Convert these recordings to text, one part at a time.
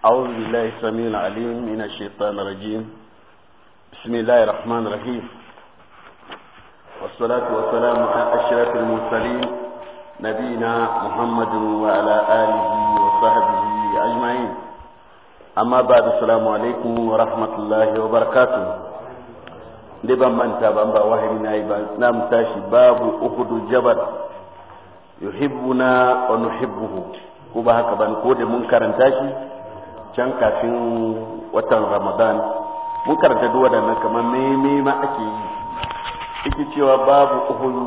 أعوذ بالله السميع العليم من الشيطان الرجيم بسم الله الرحمن الرحيم والصلاة والسلام على أشرف المرسلين نبينا محمد وعلى آله وصحبه أجمعين أما بعد السلام عليكم ورحمة الله وبركاته dai من تاب أنبا ba wahayi تاشي باب ba الجبل يحبنا ونحبه babu uhudu jabal yuhibbuna wa can kafin watan ramadan mun karanta duk waɗannan kamar meme ma ake yi ake cewa babu uhudu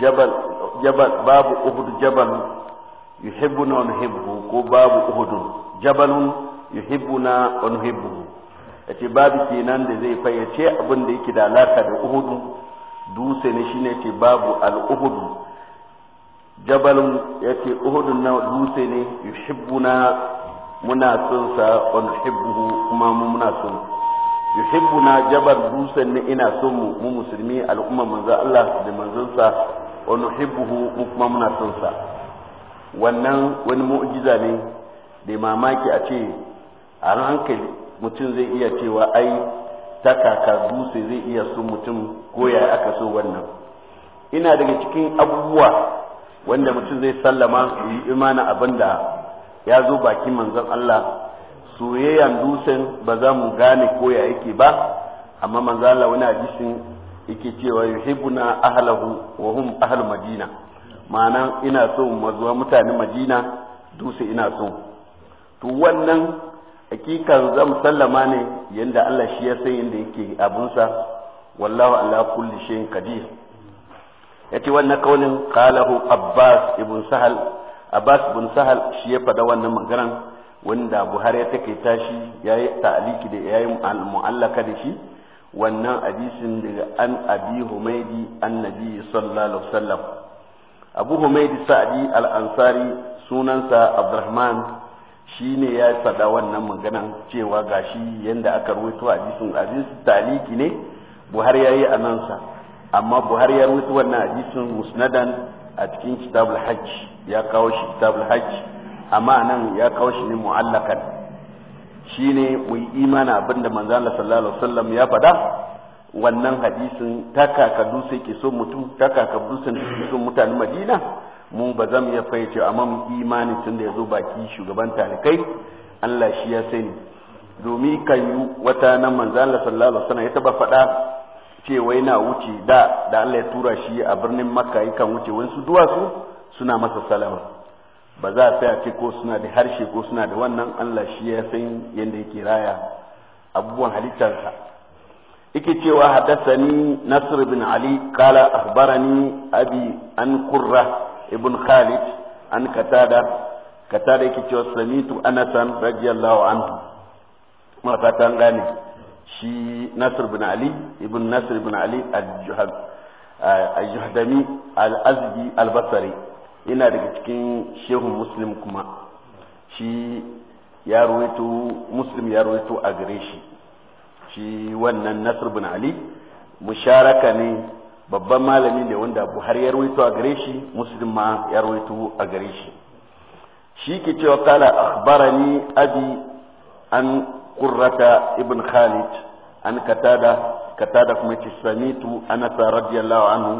jabal jabal babu uhudu jabal yuhibbuna wa nuhibbu ko babu uhudu jabalun yuhibbuna wa nuhibbu yace babu kenan da zai fayyace abin da yake da alaka da uhudu dutse ne shine ce babu al-uhudu jabalun yace uhudun na dutse ne yuhibbuna muna son sa on nuhibbuhu kuma mu muna son yuhibbuna jabar dusan ne ina son mu mu musulmi al'umma manzo Allah da manzon sa on nuhibbuhu mu kuma muna son sa wannan wani mu'jiza ne da mamaki a ce a hankali mutum zai iya cewa ai ta kaka dutse zai iya son mutum ko aka so wannan ina daga cikin abubuwa wanda mutum zai sallama su yi imanin abin da ya zo bakin manzon Allah soyayyan dusan ba za mu gane ko ya yake ba amma manzon Allah wani hadisin yake cewa yuhibbuna ahlahu wa hum ahlul madina ma'ana ina so mazuwa mutanen madina dusa ina so to wannan hakikan zan sallama ne yanda Allah shi ya san yanda yake abunsa wallahu ala kulli shay'in qadir yace wannan kaunin qalahu abbas ibn sahal abbas bin sahal shi ya faɗa wannan magana wanda buhari ya take tashi ya yi ta'aliki da ya yi mu'allaka da shi wannan hadisin daga an abi humaidi annabi sallallahu alaihi wasallam abu humaidi sa'adi al-ansari sunansa abdurrahman shi ne ya fada wannan magana cewa gashi yanda aka ruwaito hadisin hadisin ta'aliki ne buhari ya yi anansa amma buhari ya ruwaito wannan hadisin musnadan a cikin kitabul hajj ya kawo shi kitabul hajj amma nan ya kawo shi ne mu'allakan shine mu yi imana abinda manzo Allah sallallahu alaihi wasallam ya faɗa wannan hadisin takaka dusa sai ke so mutum takaka dusa sai ke so mutanen Madina mu ba zamu iya fayyace amma mu imani tun da yazo baki shugaban talikai Allah shi ya sani domin kan yi wata nan manzo Allah sallallahu alaihi wasallam ya taba faɗa ce wai na wuce da da Allah ya tura shi a birnin makka yakan wuce wasu duwatsu suna masa salama ba za a tsaya ko suna da harshe ko suna da wannan Allah shi ya san yadda yake raya abubuwan halittarsa yake cewa hadassani Nasir bin Ali kala akhbarani abi an Qurra ibn Khalid an Katada Katada yake cewa samitu Anasan radiyallahu anhu mata ta shi nasir bin ali ibn nasir bin ali eh, al-juhdami al-azdi al-basri ina daga cikin shehu muslim kuma shi ya ruwaito muslim ya ruwaito a gare shi shi wannan nasir bin ali musharaka ne babban malami ne wanda buhari ya ruwaito a gare shi muslim ma ya ruwaito a gare shi shi ke cewa kala akhbarani abi an qurrata ibn khalid an katada katada kuma ce samitu anas radiyallahu anhu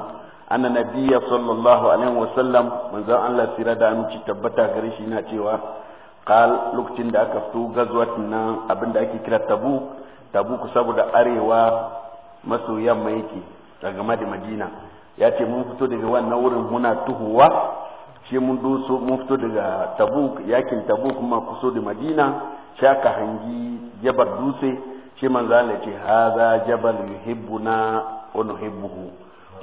anna nabiyya sallallahu alaihi wa sallam manzo Allah sira da aminci tabbata gare shi na cewa qal lokacin da aka fito gazwat nan abinda ake kira tabuk tabuk saboda arewa maso yamma yake daga madi madina ya ce mun fito daga wannan wurin muna tuhuwa shi mun doso mun fito daga tabuk yakin tabuk kuma kuso da madina shaka hangi jabar dutse shi manzo Allah ce haza jabal yuhibbuna wa nuhibbuhu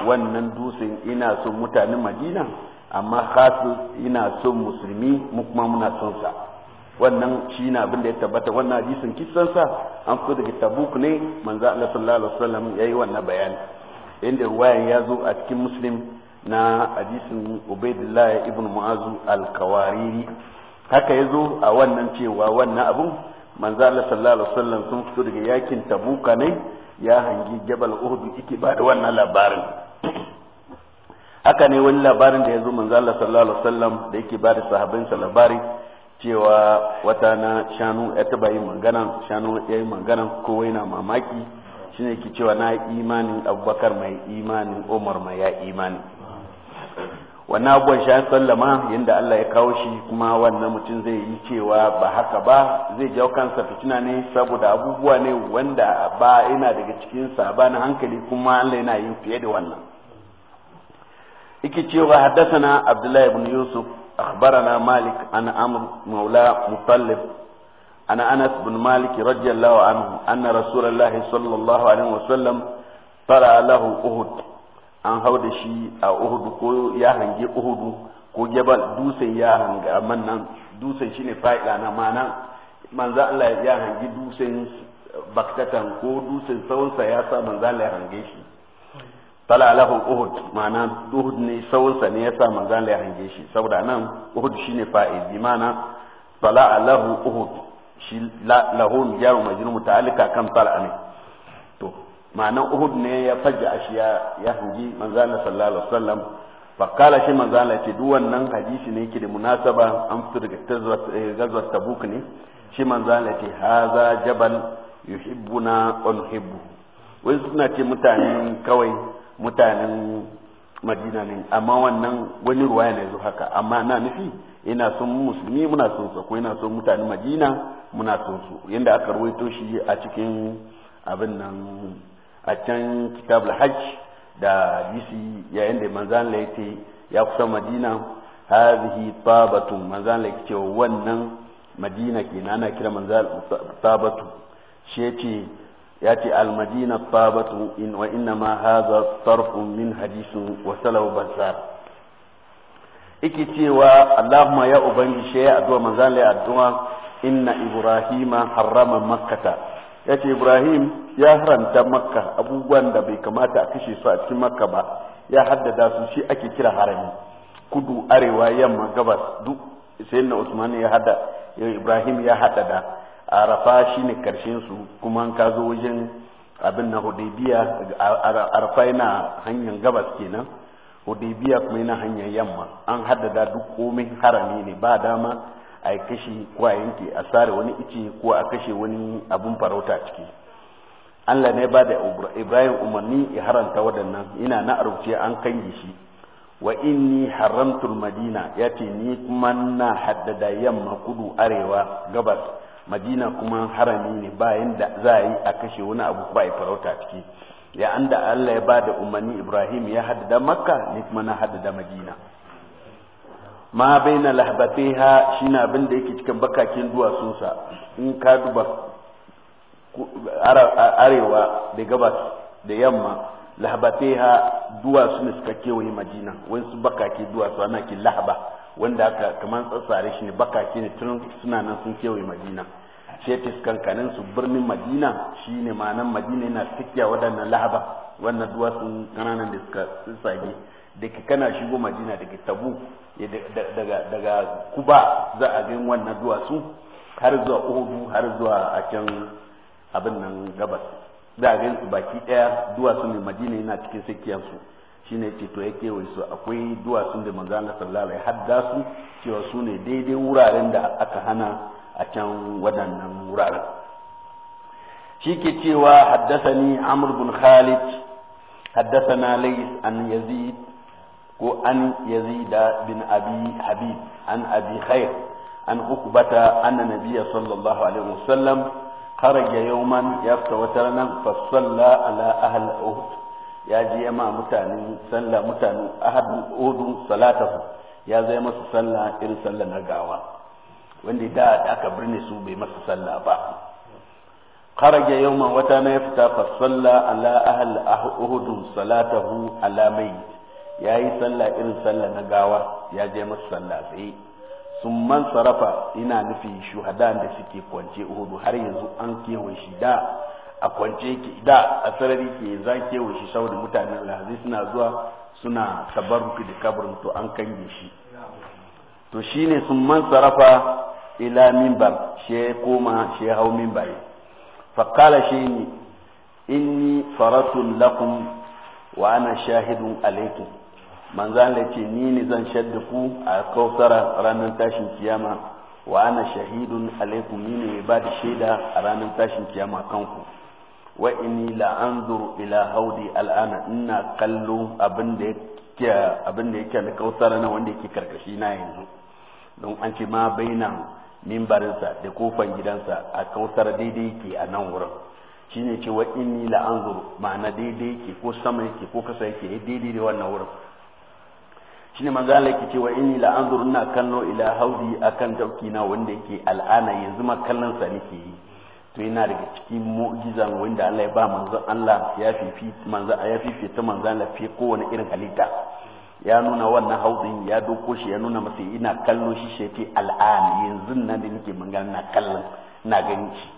wannan dutsen ina son mutanen Madina amma khasu ina son musulmi mu kuma muna son sa wannan shi na abin da ya tabbata wannan hadisin kissan sa an fito daga Tabuk ne manzo Allah sallallahu alaihi wasallam yayi wannan bayani inda ruwayan ya zo a cikin Muslim na hadisin Ubaidillah ibn Mu'azu al-Kawariri haka ya zo a wannan cewa wannan abun manzo Allah sallallahu alaihi wasallam sun fito daga yakin tabuka ne ya hangi jabal uhud yake ba da wannan labarin haka ne wani labarin da ya zo manzo Allah sallallahu alaihi wasallam da yake ba da sahabbansa labari cewa wata na shanu ya taba yin magana shanu ya yi magana kowa yana mamaki shine yake cewa na imanin abubakar mai imanin umar mai ya imani wannan abubuwan shi an sallama yadda Allah ya kawo shi kuma wannan mutum zai yi cewa ba haka ba zai jawo kansa fitina ne saboda abubuwa ne wanda ba yana daga cikin na hankali kuma Allah yana yin fiye da wannan iki cewa haddathana Abdullah ibn Yusuf akhbarana Malik an Amr maula mutallif ana Anas bin Malik radiyallahu anhu anna rasulallah sallallahu alaihi wasallam fara lahu Uhud an hau da shi a uhudu ko ya hange uhudu ko jabal dusan ya hanga nan dusan shine fa'ila na manan manzo Allah ya hangi dusan baktatan ko dusan saunsa ya sa manzo Allah ya hange shi tala lahu uhud ma'ana uhud ne saunsa ne ya sa manzo Allah ya hange shi saboda nan uhud shine fa'il bi ma'ana tala lahu uhud shi lahu jaru majrur muta'allika kan tala ne ma'anan uhud ne ya fajja ashi ya hugi manzana sallallahu alaihi wasallam fa kala shi manzana ce duk wannan hadisi ne yake da munasaba an fito daga eh, gazwat tabuk ne shi manzana ce haza jabal yuhibbuna wa nuhibbu wai suna ce mutanen kawai mutanen madina ne amma wannan wani ruwaya ne zo haka amma na nufi ina son musulmi muna son su ko ina son mutanen madina muna son su yanda aka ruwaito shi a cikin abin nan a can kitab hajj da bisi yayin da manzan laite ya kusa madina hazihi tabatu manzan laite cewa wannan madina ke nana kira manzan tabatu shi yace ya ce almadina tabatu in wa inna ma hadha sarfun min hadisin wa salaw basar iki cewa allahumma ya ubangi shi ya addu'a manzan laite addu'a inna ibrahima harrama makkata ya ce ibrahim ya haranta makka abubuwan da bai kamata a kashe su a cikin makka ba ya haddada su shi ake kira harami kudu arewa yamma gabas duk sai na usman ya hada ibrahim ya haddada arafa shine karshen su kuma an ka zo wajen abin na hudaybiya arafa yana hanyar gabas kenan hudaybiya kuma yana hanyar yamma an haddada duk komai harami ne ba dama a kashe ko a yanke a sare wani ice ko a kashe wani abun farauta ciki Allah ne ba da Ibrahim umarni ya haranta waɗannan ina na arubce an kange shi wa inni haramtul madina ya ce ni kuma na haddada yamma kudu arewa gabas madina kuma harami ne bayan da za a yi a kashe wani abu ba a farauta ciki ya an da Allah ya ba da umarni Ibrahim ya haddada makka ni kuma na haddada madina ma bai na lahbatiha shi na abin da yake cikin bakakin duwatsunsa in ka duba arewa da gabas da yamma lahbatiha duwatsu ne suka kewaye madina wani su bakake duwatsu ana ki lahaba wanda aka kamar tsatsare shi ne bakake ne tun suna nan sun kewaye madina shetis kankanin su birnin madina shi ne ma'anan madina yana tsakiya waɗannan lahaba wannan duwatsun kananan da suka tsage da kana shigo madina daga tabu daga kuba za a gan wannan duwatsu har zuwa odu har zuwa a can abin nan gabas za a gan su baki daya duwatsu ne madina yana cikin sakiyarsu su shine ce to ya kewaye su akwai duwatsun da manzan na sallala ya hadda su cewa su ne daidai wuraren da aka hana a can waɗannan wuraren shi ke cewa haddasani amr bin khalid haddasana lays an yazid ko an yazida bin abi habib an abi khair an ukbata anna nabiyya sallallahu alaihi wasallam kharaja yawman yafta wataran fa salla ala ahl uhud ya ji yama mutanen sallah mutanen ahad uhud salatahu ya zai masa salla irin salla na gawa wanda da aka birne su bai masa salla ba خرج يوما وتنا يفتى فصلى على أهل أهد صلاته على ميت ya yi sallah irin sallah na gawa ya je masu sallah tsaye sun man sarrafa ina nufi shuhada da suke kwance uhudu har yanzu an kewa shi da a kwance ke da a sarari ke za kewa shi saboda mutanen lahazi suna zuwa suna tabarruki da kabarin to an kange shi to shi ne sun man sarrafa ila mimbar she koma she hau yi fakkala shi ne inni faratun lakum wa ana shahidun alaikum manzan da ce ni ne zan shadda ku a kautara ranar tashin kiyama wa ana shahidun alaikum ni ne ba da shaida a ranar tashin kiyama kanku wa inni la anzuru ila haudi al'ana ina kallo abin da yake abin yake na kautara na wanda yake karkashi na yanzu don an ce ma baina mimbarinsa da kofan gidansa a kautara daidai yake a nan wurin shine ce wa inni la anzuru ma'ana daidai yake ko sama yake ko kasa yake daidai da wannan wurin shine manzo Allah yake cewa inni la na kallo ila haudi akan dauki na wanda yake al'ana yanzu ma kallon sa nake yi to yana daga cikin mu'jizan wanda Allah ya ba manzo Allah ya fifi manzo ya fifi ta manzo Allah fi kowane irin halitta ya nuna wannan haudin ya doko shi ya nuna masa ina kallo shi shi ce al'ana yanzu nan da nake magana na kallon na gani shi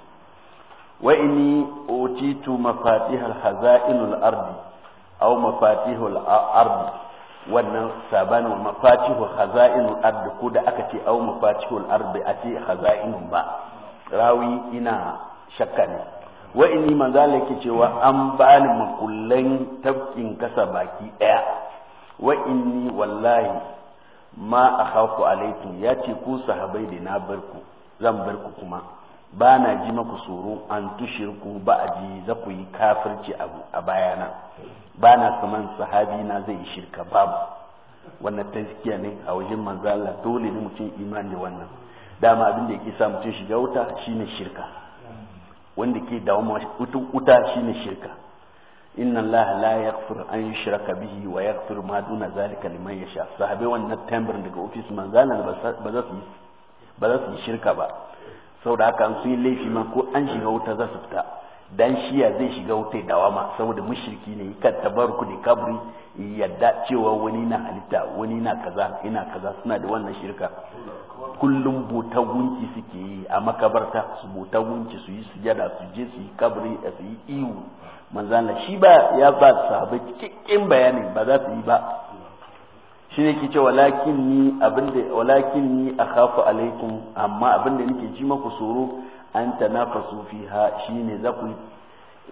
wa inni utitu mafatihal hazainul ardi aw mafatihul ardi wannan sabanin mafatihu khaza'inul ard ko da aka ce au mafatihul ard a ce khaza'inun ba rawi ina shakka ne wa inni manzala yake cewa an bani makullan tafkin kasa baki daya wa inni wallahi ma akhafu alaykum ya ce ku sahabai da na barku zan barku kuma ba na ji maku tsoro an tushirku ba a ji za ku yi kafirci a bayana ba na saman sahabi na zai yi shirka babu wannan tazkiya ne a wajen Manzala dole ne mutum imani da wannan dama abin da yake sa mutum shiga wuta shine shirka wanda ke dawo wuta shine shirka inna Allah la yaghfir an yushraka bihi wa yaghfir ma duna zalika liman yasha sahabe wannan tambar daga ofis manzo Allah ba za su ba za su shirka ba saboda haka an sun yi laifi ma ko an shiga wuta za su fita dan shiya zai shiga wuta dawama saboda mushriki ne kan tabarku da kabri yadda cewa wani na halitta wani na kaza ina kaza suna da wannan shirka kullum buta gunki suke yi a makabarta su buta gunki su yi sujada su je su yi kabri su yi iwu manzana shi ba ya ba sahabbai cikin bayanin ba za su yi ba shi ne ke ce walakin ni abinda walakin ni akhafu alaikum amma abinda nake ji maku tsoro an ta ha shi ne za ku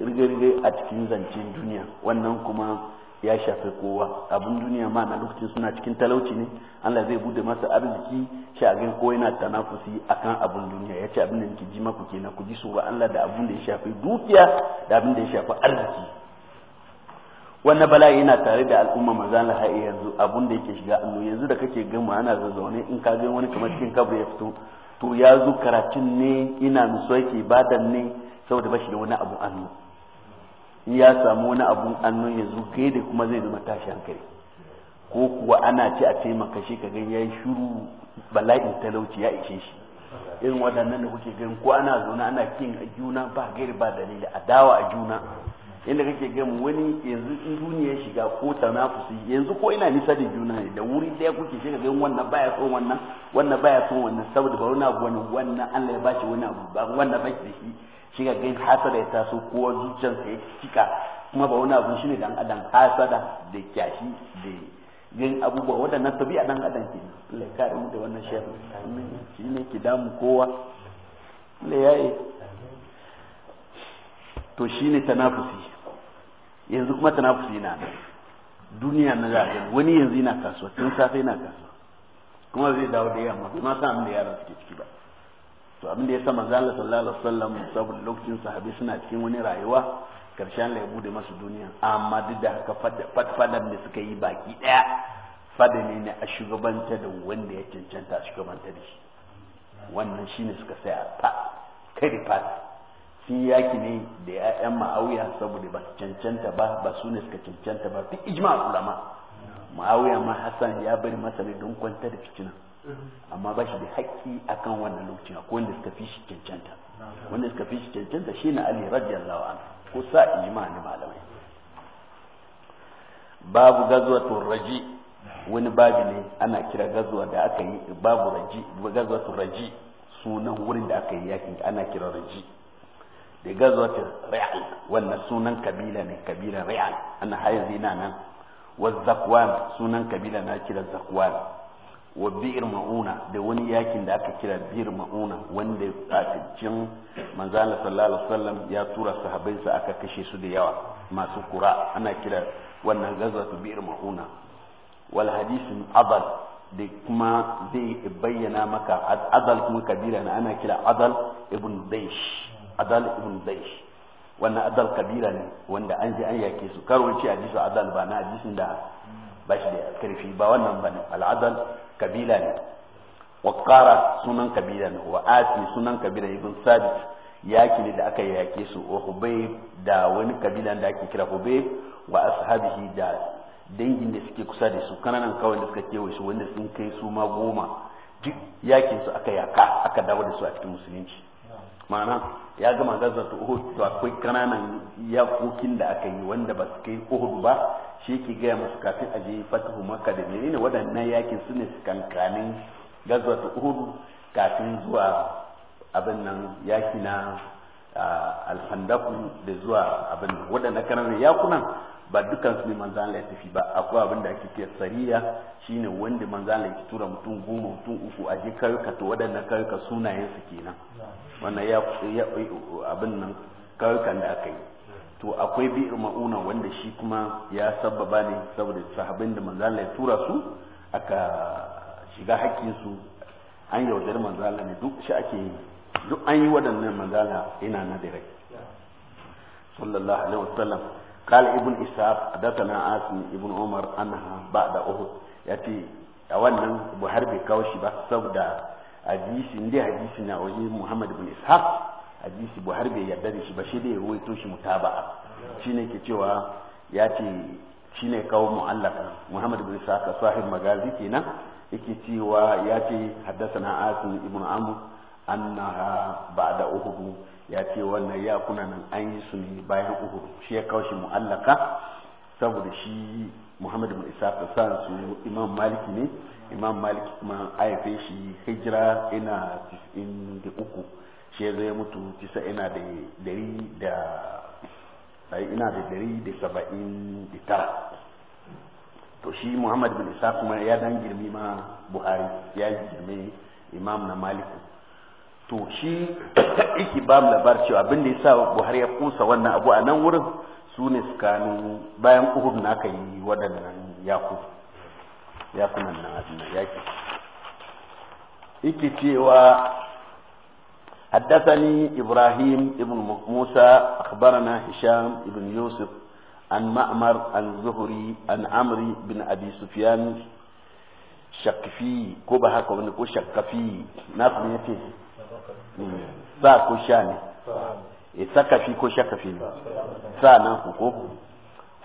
rigirge a cikin zancen duniya wannan kuma ya shafi kowa abin duniya ma na lokacin suna cikin talauci ne Allah zai bude masa arziki shi a gan kowa yana tanafusi kan abin duniya ya ce abin da nake ji maku kenan ku ji tsoron Allah da abin da ya shafi dukiya da abin da ya shafi arziki wannan bala'i yana tare da al'umma manzan laha yanzu abin da yake shiga allo yanzu da kake gama ana zazzaune in ka ga wani kamar cikin kabu ya fito to ya zo karatun ne ina nuso yake badan ne saboda bashi da wani abu annu ya samu wani abun annu ya zo kai da kuma zai zama tashi hankali ko kuwa ana ce a taimaka shi kaga ya yi shuru bala'in talauci ya ishe shi irin waɗannan da kuke gani ko ana zaune ana kin a juna ba gairi ba dalili adawa a juna inda kake gan wani yanzu in duniya shiga ko tanafusi yanzu ko ina nisa da juna ne da wuri daya kuke shiga gan wannan baya son wannan wannan baya son wannan saboda ba wani abu wani wannan Allah ya bashi wani abu ba wannan bashi da shi shiga gan hasada ya taso ko zuciyarsa ya cika kuma ba wani abu shine dan adam hasada da kyashi da gan abubuwa waɗannan tabi'a dan adam ke Allah ya kare mu da wannan shi ne ki damu kowa Allah ya yi to shi shine tanafusi yanzu kuma tanafusi na duniya na za wani yanzu yana kasuwa tun safe yana kasuwa kuma zai dawo da yamma kuma sa abin da yaran suke ciki ba to abin da ya sa manzo Allah sallallahu alaihi wasallam saboda lokacin sahabi suna cikin wani rayuwa karshen la da masu duniya amma duk da haka fadfadan da suka yi baki daya fada ne ne a shugabanta da wanda ya cancanta a shugabanta da shi wannan shine suka saya fa kai da sun yaki ne da ya'yan ma'auya saboda ba su cancanta ba ba su ne suka cancanta ba duk ijma ulama ma'auya ma hassan ya bari masa ne don kwanta da fitina amma ba shi da haƙƙi akan wannan lokacin ko wanda suka fi shi cancanta wanda suka fi shi cancanta shi na ali radiyallahu anhu ko sa ijma ne malamai babu gazwatul raji wani babu ne ana kira gazuwa da aka yi babu raji gazuwatul raji sunan wurin da aka yi yakin ana kira raji da gazwatin ri'al wannan sunan kabila ne kabila ri'al ana haizu yana nan wa zakwan sunan kabila na kira zakwan wa bi'ir ma'una da wani yakin da aka kira bi'ir ma'una wanda tsakancin manzala sallallahu alaihi wasallam ya tura sahabbansa aka kashe su da yawa masu kura ana kira wannan gazwatu bi'ir ma'una wal hadithun abal da kuma zai bayyana maka adal kuma kabila na ana kira adal ibn daish adal ibn zaish wannan adal kabira ne wanda an je an yake su karwaci hadisu adal ba na hadisin da ba shi da karfi ba wannan ba ne al'adal kabila ne wakara sunan kabila ne wa ati sunan kabila ibn sabit yaki ne da aka yake su wa hubay da wani kabila da ake kira hubay wa ashabihi da dangin da suke kusa da su kananan kawai da suka kewaye su wanda sun kai su ma goma duk yakin su aka yaka aka dawo da su a cikin musulunci ma'ana ya gama ta uhud to akwai kananan yakokin da aka yi wanda ba su kai uhud ba shi ke gaya musu kafin a je fatahu makka da menene waɗannan yakin su ne kankanin ta uhud kafin zuwa abin nan yaki na alhandaku da zuwa abin nan waɗannan kananan yakunan ba dukkan su ne manzan Allah ya tafi ba akwai abin da ake kira sariya shine wanda manzan Allah ya tura mutum goma mutum uku a je kayuka to waɗannan kayuka sunayen su kenan wannan ya abin nan karkan da aka yi to akwai bi ma'una wanda shi kuma ya sababa ne saboda sahabin da manzo Allah ya tura su aka shiga hakkin su an yaudar manzo Allah ne duk shi ake yi duk an yi waɗannan manzo Allah ina na dare sallallahu alaihi wasallam قال ابن إسحاق حدثنا عاصم ابن عمر أنها بعد أحد يأتي أولا بحرب كوشبة سوداء hadisi inda hadisi na wani Muhammad bin Ishaq hadisi Buhari bai yarda da shi ba shi da ya ruwaito shi mutaba'a shine ke cewa ya ce shine kawo mu'allaka Muhammad bin Ishaq sahib magazi kenan yake cewa ya ce haddathana Asim ibn Amr annaha ba'da Uhud ya ce wannan ya kuna nan an yi su ne bayan Uhud shi ya kawo shi mu'allaka saboda shi Muhammadu bin isa san su imam maliki ne imam maliki kuma haife shi hijira ina 93 shi ya zai mutu tisa ina da dari da ina da dari da saba'in da tara to shi Muhammadu bin isa kuma ya dan girmi ma buhari ya girme imam na maliki to shi yake ba labar cewa abin da ya sa buhari ya kusa wannan abu a nan wurin su ne tsakanin bayan uhud na aka yi waɗannan yaku yakunan nan na yaki ike cewa haddasani ibrahim ibn musa na hisham ibn yusuf an ma'mar an zuhuri an amri bin abi sufiyan shakfi ko ba haka wani ko shakafi na kuma yace sa ko sha ne Eh, sakafi ko shakafi ne, ku ko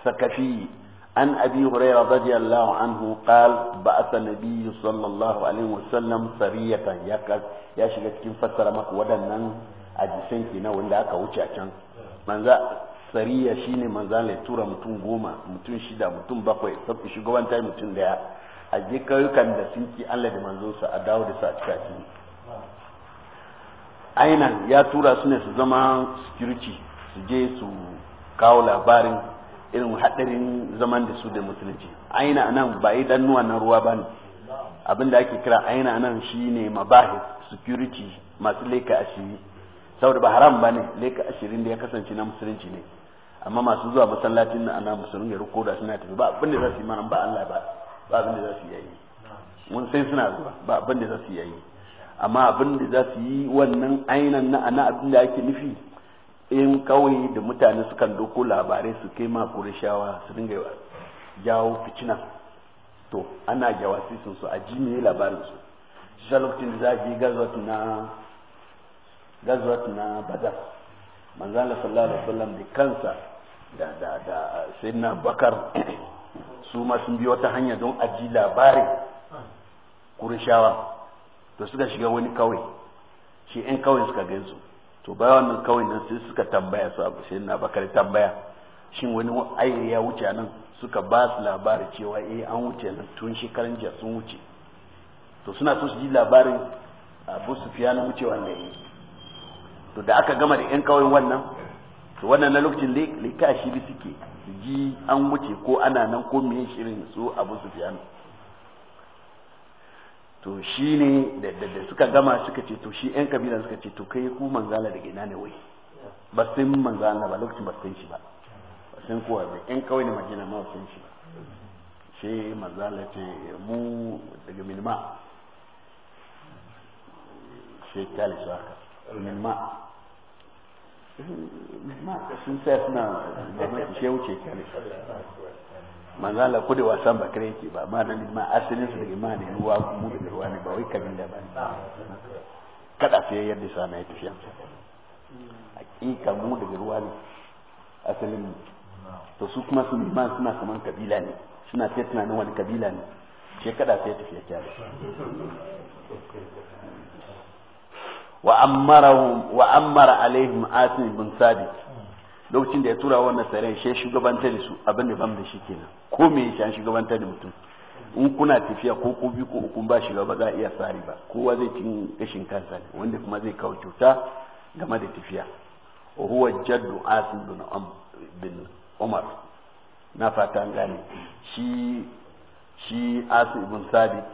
sakafi an abi hurairah radiyallahu anhu qal ba'atha nabiyyu sallallahu alaihi wasallam sariyatan ya shiga cikin fassara maka wadannan ajisan ki na wanda aka wuce a can manza sariya shine manza ne tura mutum goma mutum shida mutum bakwai sabbi shugaban mutum daya a je kayukan da sun ki Allah da manzo sa a dawo da su a cikin ainan ya tura su ne su zama security su je su kawo labarin irin haɗarin zaman da su da musulunci aina nan ba yi dan na ruwa ba ne abin da ake kira aina nan shi ne mabahis security masu leka ashiri saboda ba haram ba ne leka ashirin da ya kasance na musulunci ne amma masu zuwa masallacin na ana musulun ya ruko da suna tafi ba abin da za su yi ba Allah ba ba abin da za su yi mun sai suna zuwa ba abin da za su yi amma abin da za su yi wannan ainihin na ana abin da ake nufi in kawai da mutane sukan doko labarai su kai ma kurishawa su dinga jawo fitina to ana jawasi sun su a ji ne labarin su shi sa lokacin da za a je gazwat na gazwat na badar manzana sallallahu alaihi wasallam da kansa da da da sayyidina bakar su ma sun bi wata hanya don a ji labarin kurishawa. to suka shiga wani kawai shi yan kawai suka gaisu, to bayan wannan kawai nan sai suka tambaya su abu sai na bakar tambaya shin wani ayyari ya wuce nan suka ba su labari cewa eh an wuce nan tun shekaran jiya sun wuce to suna so su ji labarin abu su fiya na wucewa to da aka gama da yan kawai wannan to wannan na lokacin likashi shi suke su ji an wuce ko ana nan ko me shirin su abu su fiya to shi ne da suka gama suka ce to shi yan kabila suka ce to kai ku manzala da gina ne wai ba sun manzala ba lokacin ba sun shi ba ba sun kowa zai yan kawai ne magina ma ba sun shi ba ce manzala ce mu daga minima ce kyale su haka minima minima sun sai suna da mafi shewuce kyale su manzala ko da wasan ba kare yake ba ma nan ma asalin su daga ma ne ruwa mu daga ruwa ne ba wai kabila ba ne kada sai yadda sana ya tafiya hakika mu daga ruwa ne asalin mu to su kuma su ma suna kaman kabila ne suna sai tunanin wani kabila ne shi kada sai tafiya kyale wa amara wa amara alaihim asim bin sabit lokacin da ya tura wannan tsare shi shugabantar da su abin da bam da shi kenan ko me yake an shugabantar da mutum in kuna tafiya ko ko bi ko uku ba shiga ba za a iya sari ba kowa zai cin gashin kansa ne wanda kuma zai kawo cuta game da tafiya huwa jaddu asim bin umar na fata an gane shi shi asim ibn sabit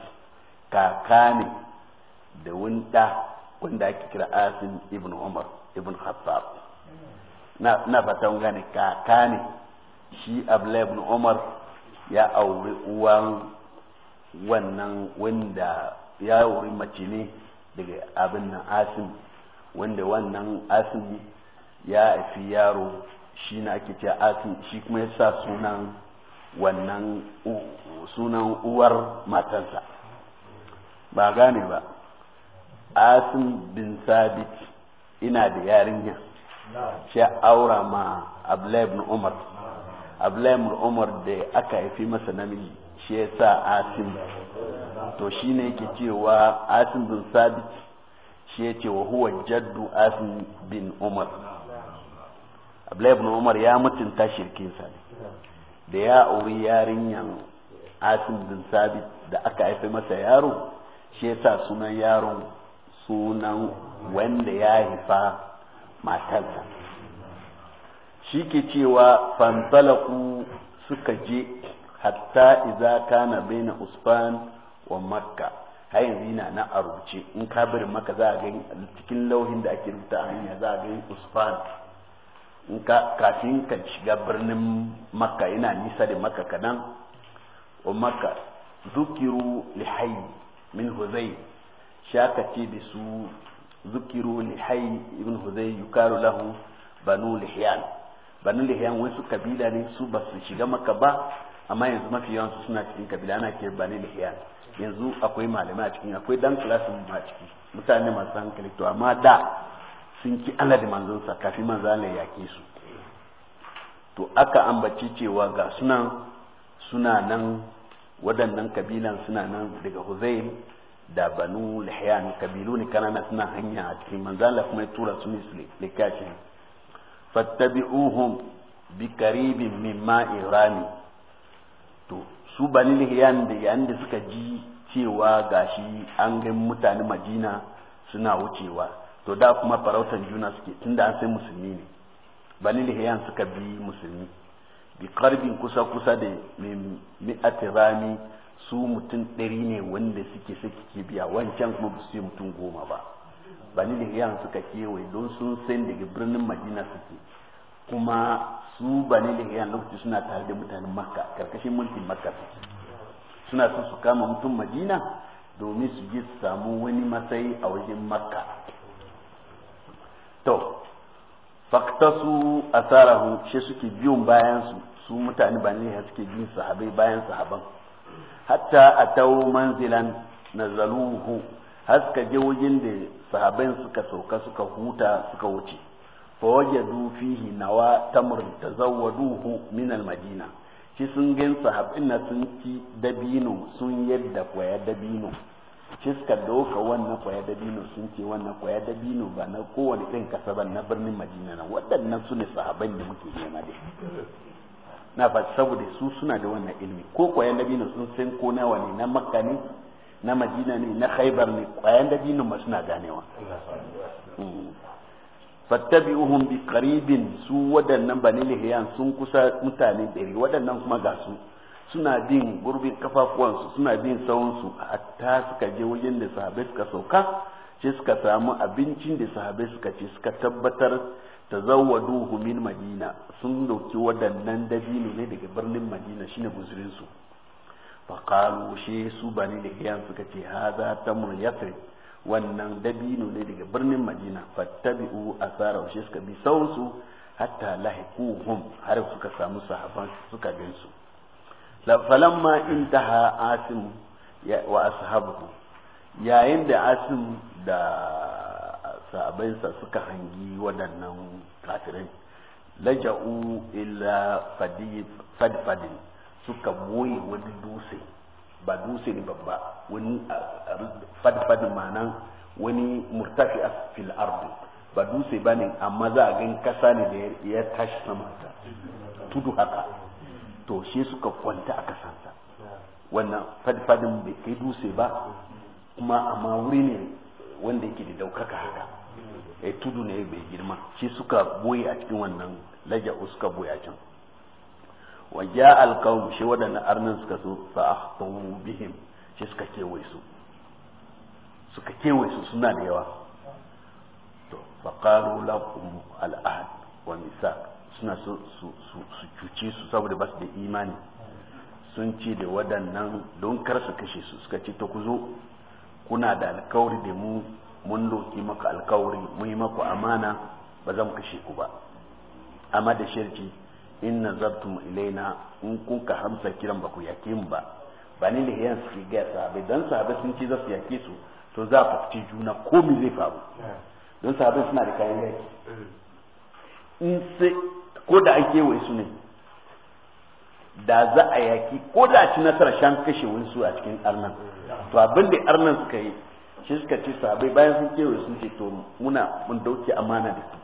kaka ne da wani wanda ake kira asim ibn umar ibn khattab na na fatan gane kaka ne shi Abdullahi ibn Umar ya auri uwan wannan wanda ya auri mace ne daga abin nan Asim wanda wannan Asim ya fi yaro shi na ake ce Asim shi kuma ya sa sunan wannan sunan uwar matansa ba gane ba asim bin sabit ina da yarinya ce aura ma Abdullahi ibn Umar Abdullahi ibn Umar da aka haifi masa namiji shi ya sa Asim to shine ke cewa Asim bin Sabit shi ya ce wa huwa jaddu Asim bin Umar ibn Umar ya mutunta shirkinsa ne da ya auri yarinyan Asim bin Sabit da aka haifi masa yaro shi ya sa sunan yaron sunan wanda ya haifa matarsa shi ke cewa fantalaku suka je hatta iza kana baina usfan wa makka har yanzu yana na a rubuce in ka bari maka za a ga cikin lauhin da ake rubuta a hanya za a ga usfan in ka kafin ka shiga birnin makka yana nisa da makka kadan wa makka zukiru lihayy min huzai shaka ce da su zukiru lihai ibn huzai yukaru lahu banu lihyan banu lihiyan wasu kabila ne su ba su shiga maka ba amma yanzu mafi yawansu suna cikin kabila ana ke banu lihyan yanzu akwai malamai a cikin akwai dan klasin a ciki mutane masu hankali to amma da sun ki Allah da sa kafin manzon Allah ya yake su to aka ambaci cewa ga suna suna nan waɗannan kabilan suna nan daga Huzayl da banu lihyan kabilu ne kanana suna hanya a cikin Allah kuma ya tura su misli likashi fattabi'uhum bi karibin mimma irani to su bani lihyan da yanda da suka ji cewa gashi an ga mutane madina suna wucewa to da kuma farautan juna suke tunda an sai musulmi ne bani lihyan suka bi musulmi bi karibin kusa kusa da mi'atirami su mutum ɗari ne wanda suke saki kibiya wancan kuma ba su yi mutum goma ba ba ni da yan suka kewaye don sun san daga birnin madina suke kuma su ba ni da yan lokaci suna tare da mutanen maka karkashin mulkin makka suna so su kama mutum madina domin su je su samu wani matsayi a wajen makka to faktasu asarahu shi suke biyun bayan su su mutane bani da suke biyun sahabai bayan sahaban hatta atau manzilan nazaluhu haska je wajen da sahabai suka sauka suka huta suka wuce fawajadu fihi nawa tamr tazawwaduhu min almadina shi sun gan sahabin na sun ci dabino sun yadda kwaya dabino shi suka doka wannan kwaya dabino sun ce wannan kwaya dabino ba na kowane ɗin kasaban ba na birnin madina na waɗannan su ne sahaban da muke nema dai na fa saboda su suna da wannan ilimi ko kwayan dabino sun san ko nawa ne na makka ne na madina ne na khaybar ne kwayan dabino ma suna ganewa hmm. fattabi'uhum bi qaribin su waɗannan bani lihiyan sun kusa mutane ɗari waɗannan kuma ga su suna bin gurbin kafafuwansu suna bin su hatta suka je wajen da sahabbai suka sauka sai suka samu abincin da sahabbai suka ce suka tabbatar tazawwaduhu min madina sun dauki wadannan dabino ne daga birnin madina shine guzurin su fa qalu shi su bani da hiyan suka ce hadha tamrun yasri wannan dabino ne daga birnin madina fattabi'u asara shi suka bi sausu hatta lahiquhum har suka samu sahaban suka bin su falamma intaha asim wa ashabu yayin da asim da sa suka hangi waɗannan kafirin laja'u illa fadfadin suka boye wani dutse ba dutse ne babba wani fadfadin ma'anan wani murtafi a fil ardi ba dutse ba ne amma za a gan kasa ne da ya tashi sama ta tudu haka to shi suka kwanta a kasansa wannan fadfadin bai kai dutse ba kuma amma wuri ne wanda yake da daukaka haka Eh, tudu ne bai girma shi suka boye a cikin wannan laja suka boye a can wa ja alqawm shi wadannan arnin suka so fa ahtu bihim shi suka kewaye su suka kewaye su suna da yawa to fa qalu lakum al ahd wa misaq suna so su su cuce su saboda ba su da imani sun ce da waɗannan don kar su kashe su suka ce ta ku zo kuna da alkawari da mu mun doki maka alkawari mun yi maku amana ba zan kashe ku ba amma da shirki in nazartum ilaina in kun ka hamsa kiran ba ku yake mu ba ba ni da yan suke ga sahabbai dan sahabbai sun ce za su yake su to za a fafci juna ko me zai faru don sahabbai suna da kayan yaki in sai ko da an kewaye su ne da za a yaki ko da ci nasara shan kashe wani su a cikin arnan to abin da arnan suka yi shi suka ce sabai bayan sun kewaye sun ce to muna mun dauke amana da su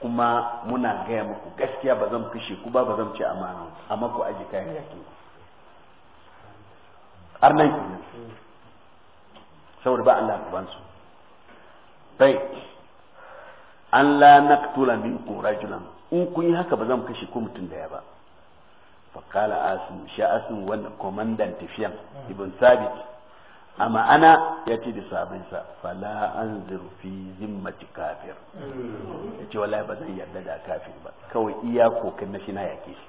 kuma muna gaya muku gaskiya ba zan fishe ku ba ba zan ce amana amma ku aji kayan yaki arnan kenan saboda ba Allah ban su bai an la naqtula min rajulan in kun yi haka ba zan kashe ku mutum ya ba fa qala asim sha asim wannan komandan tafiyan ibn sabit A ma'ana ya ce da sabinsa fala an zurfi zimmaci kafir ya ce wallahi ba zan yarda da kafir ba kawai iya kokin na shi na yake shi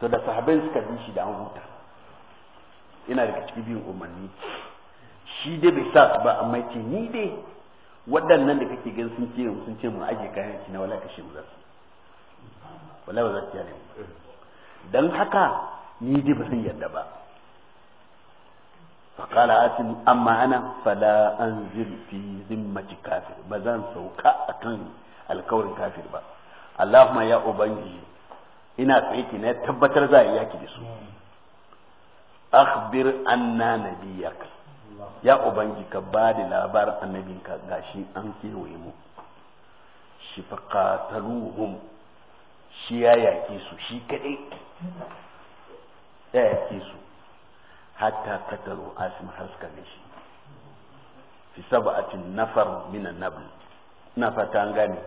to da sahabbai suka bi shi da an huta ina daga cikin biyun umarni shi dai bai sa ba amma ce ni dai waɗannan da kake gan sun ce sun ce mu aje kayan ki na wala kashe mu zasu wala ba za yare haka ni dai ba zan yarda ba فقال آتني أما أنا فلا أنزل في ذمة كافر بزان سوكا أكن الكور كافر با اللهم يا أبنجي إنا فيكي نتبتر زي يا دسو أخبر أننا نبيك يا أبنجي ka لابار da labar annabinka gashi an kewaye mu كيسو fa qataluhum shi ya hatta katalu asim har suka shi fi sab'atin nafar min an-nabl ina fata an gane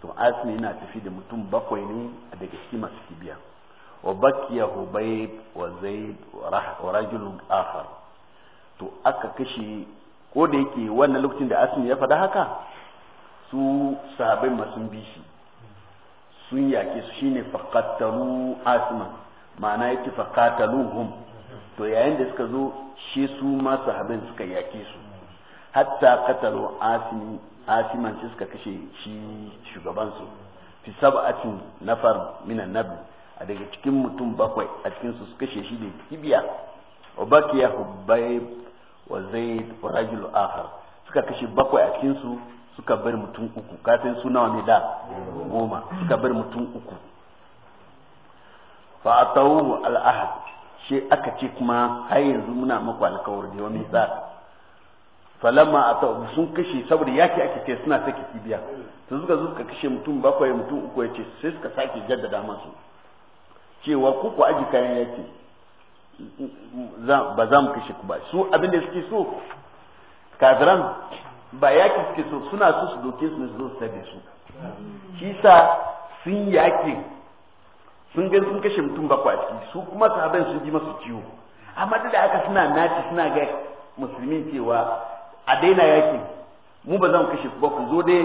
to asim yana tafi da mutum bakwai ne daga cikin masu kibiya wa bakiya hubayb wa zaid wa rajulun akhar to aka kashe ko da yake wannan lokacin da asim ya faɗa haka su sahabai masu bi shi sun yake su shine faqatalu asman ma'ana yake faqataluhum to yayin da suka zo shi su ma sahabin suka yake su hatta katalo asimi asiman shi suka kashe shi shugabansu fi sab'atin nafar minan nabi a daga cikin mutum bakwai a cikin su kashe shi da kibiya ubakiya hubbai wa zaid wa rajul akhar suka kashe bakwai a cikin su suka bar mutum uku kafin su nawa ne da goma suka bar mutum uku fa atawu al ahad she aka ce kuma har yanzu muna maku alƙawari da wani tsara falamma a sun kashe saboda yaki ake ce suna sake kibiya Su suka suka kashe mutum bakwai mutum uku ya ce sai suka sake jaddada masu cewa ko ku aji kayan yaki ba za mu kashe ku ba su abin da suke so kafiran ba yaki suke so suna so su doke su ne su zo su tabe su shi sa sun yakin sun gan sun kashe mutum bakwai ciki su kuma sahaban sun ji masu ciwo amma duk da haka suna naci suna ga musulmin cewa a daina yakin mu ba za mu kashe ku ba ku zo dai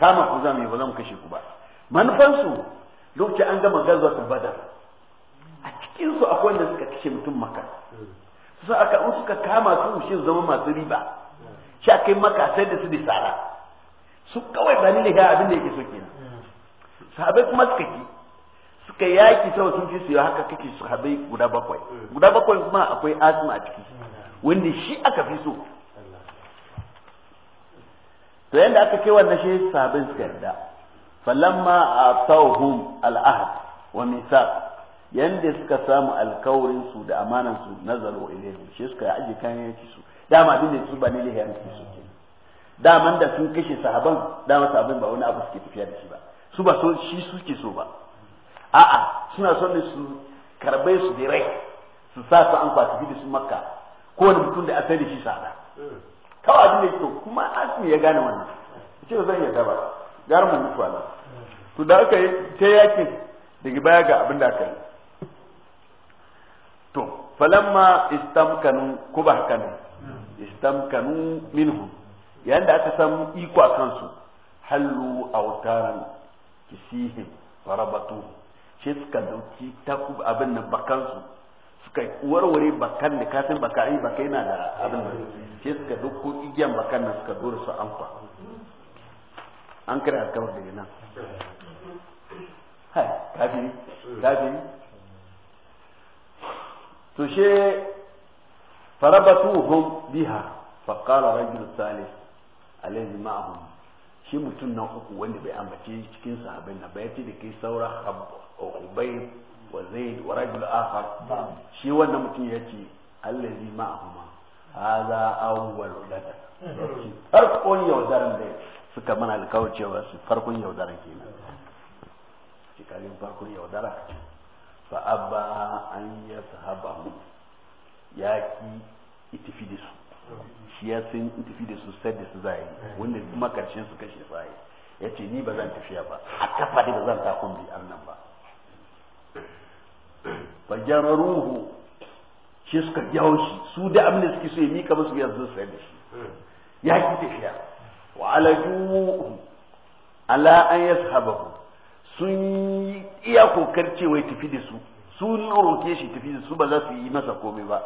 kama ku za mu yi ba za mu kashe ku ba manufansu lokacin an gama su badar a cikin su akwai wanda suka kashe mutum maka sai aka in suka kama su shi zama masu riba shi kai maka sai da su da sara su kawai ba ni da ga abin da yake so kenan sahabai kuma suka ki suka yaki sau sun fi su yi haka kake su habai guda bakwai guda bakwai kuma akwai asma a ciki wanda shi aka fi so to yanda aka kai wannan shi sabin suka yarda falamma atawhum tsawon ahd wa mithaq yanda suka samu alkawarin su da amanan su nazaru ilayhim shi suka aje kan yaki su dama abin da su ba ne lihiyan su ke daman da sun kashe sahaban dama sahabin ba wani abu suke tafiya da shi ba su ba so shi suke so ba a'a suna son ne su karbe su da su sa su an kwatafi gidi su makka wani mutum da asali shi sada kawai abin da to kuma asmi ya gane wannan ce zan yarda ba gara mu mutuwa nan to da aka yi ta yakin daga baya ga abin da aka yi to falamma istamkanu ko ba istamkanu minhu yanda aka samu iko a kansu hallu autaran kisihim farabatu shi suka dauki taku abin nan su suka warware bakan da kafin baka yi baka yana da abin nan shi suka dauko igiyan bakan nan suka dora su amfa an kira alkawar daga nan hai kafiri kafiri to she farabatuhum biha faqala rajul salih alaihi ma'ahum shi mutum na uku wanda bai ambace cikin sahabbai na bai ce da kai saura habbu wa ubayd wa zaid wa rajul akhar shi wannan mutum yace allazi ma'ahuma hadha awwal lada hmm. farkon yaudaran da suka mana alkawar cewa su farkon yaudaran kenan cikin farkon yaudara fa abba an yashabahu yaki itifi da su shi ya sun tafi da su sai da su zai hmm. wanda kuma karshen su kashe zai ya ce ni ba zan tafiya ba a kafa da ba zan takun bi nan ba fajararuhu shi suka jawo su da abin da suke so ya mika musu yanzu sai da shi ya ki tafiya wa alajuhu ala an yashabahu sun iya kokar cewa tafi da su sun roke shi tafi da su ba za su yi masa komai ba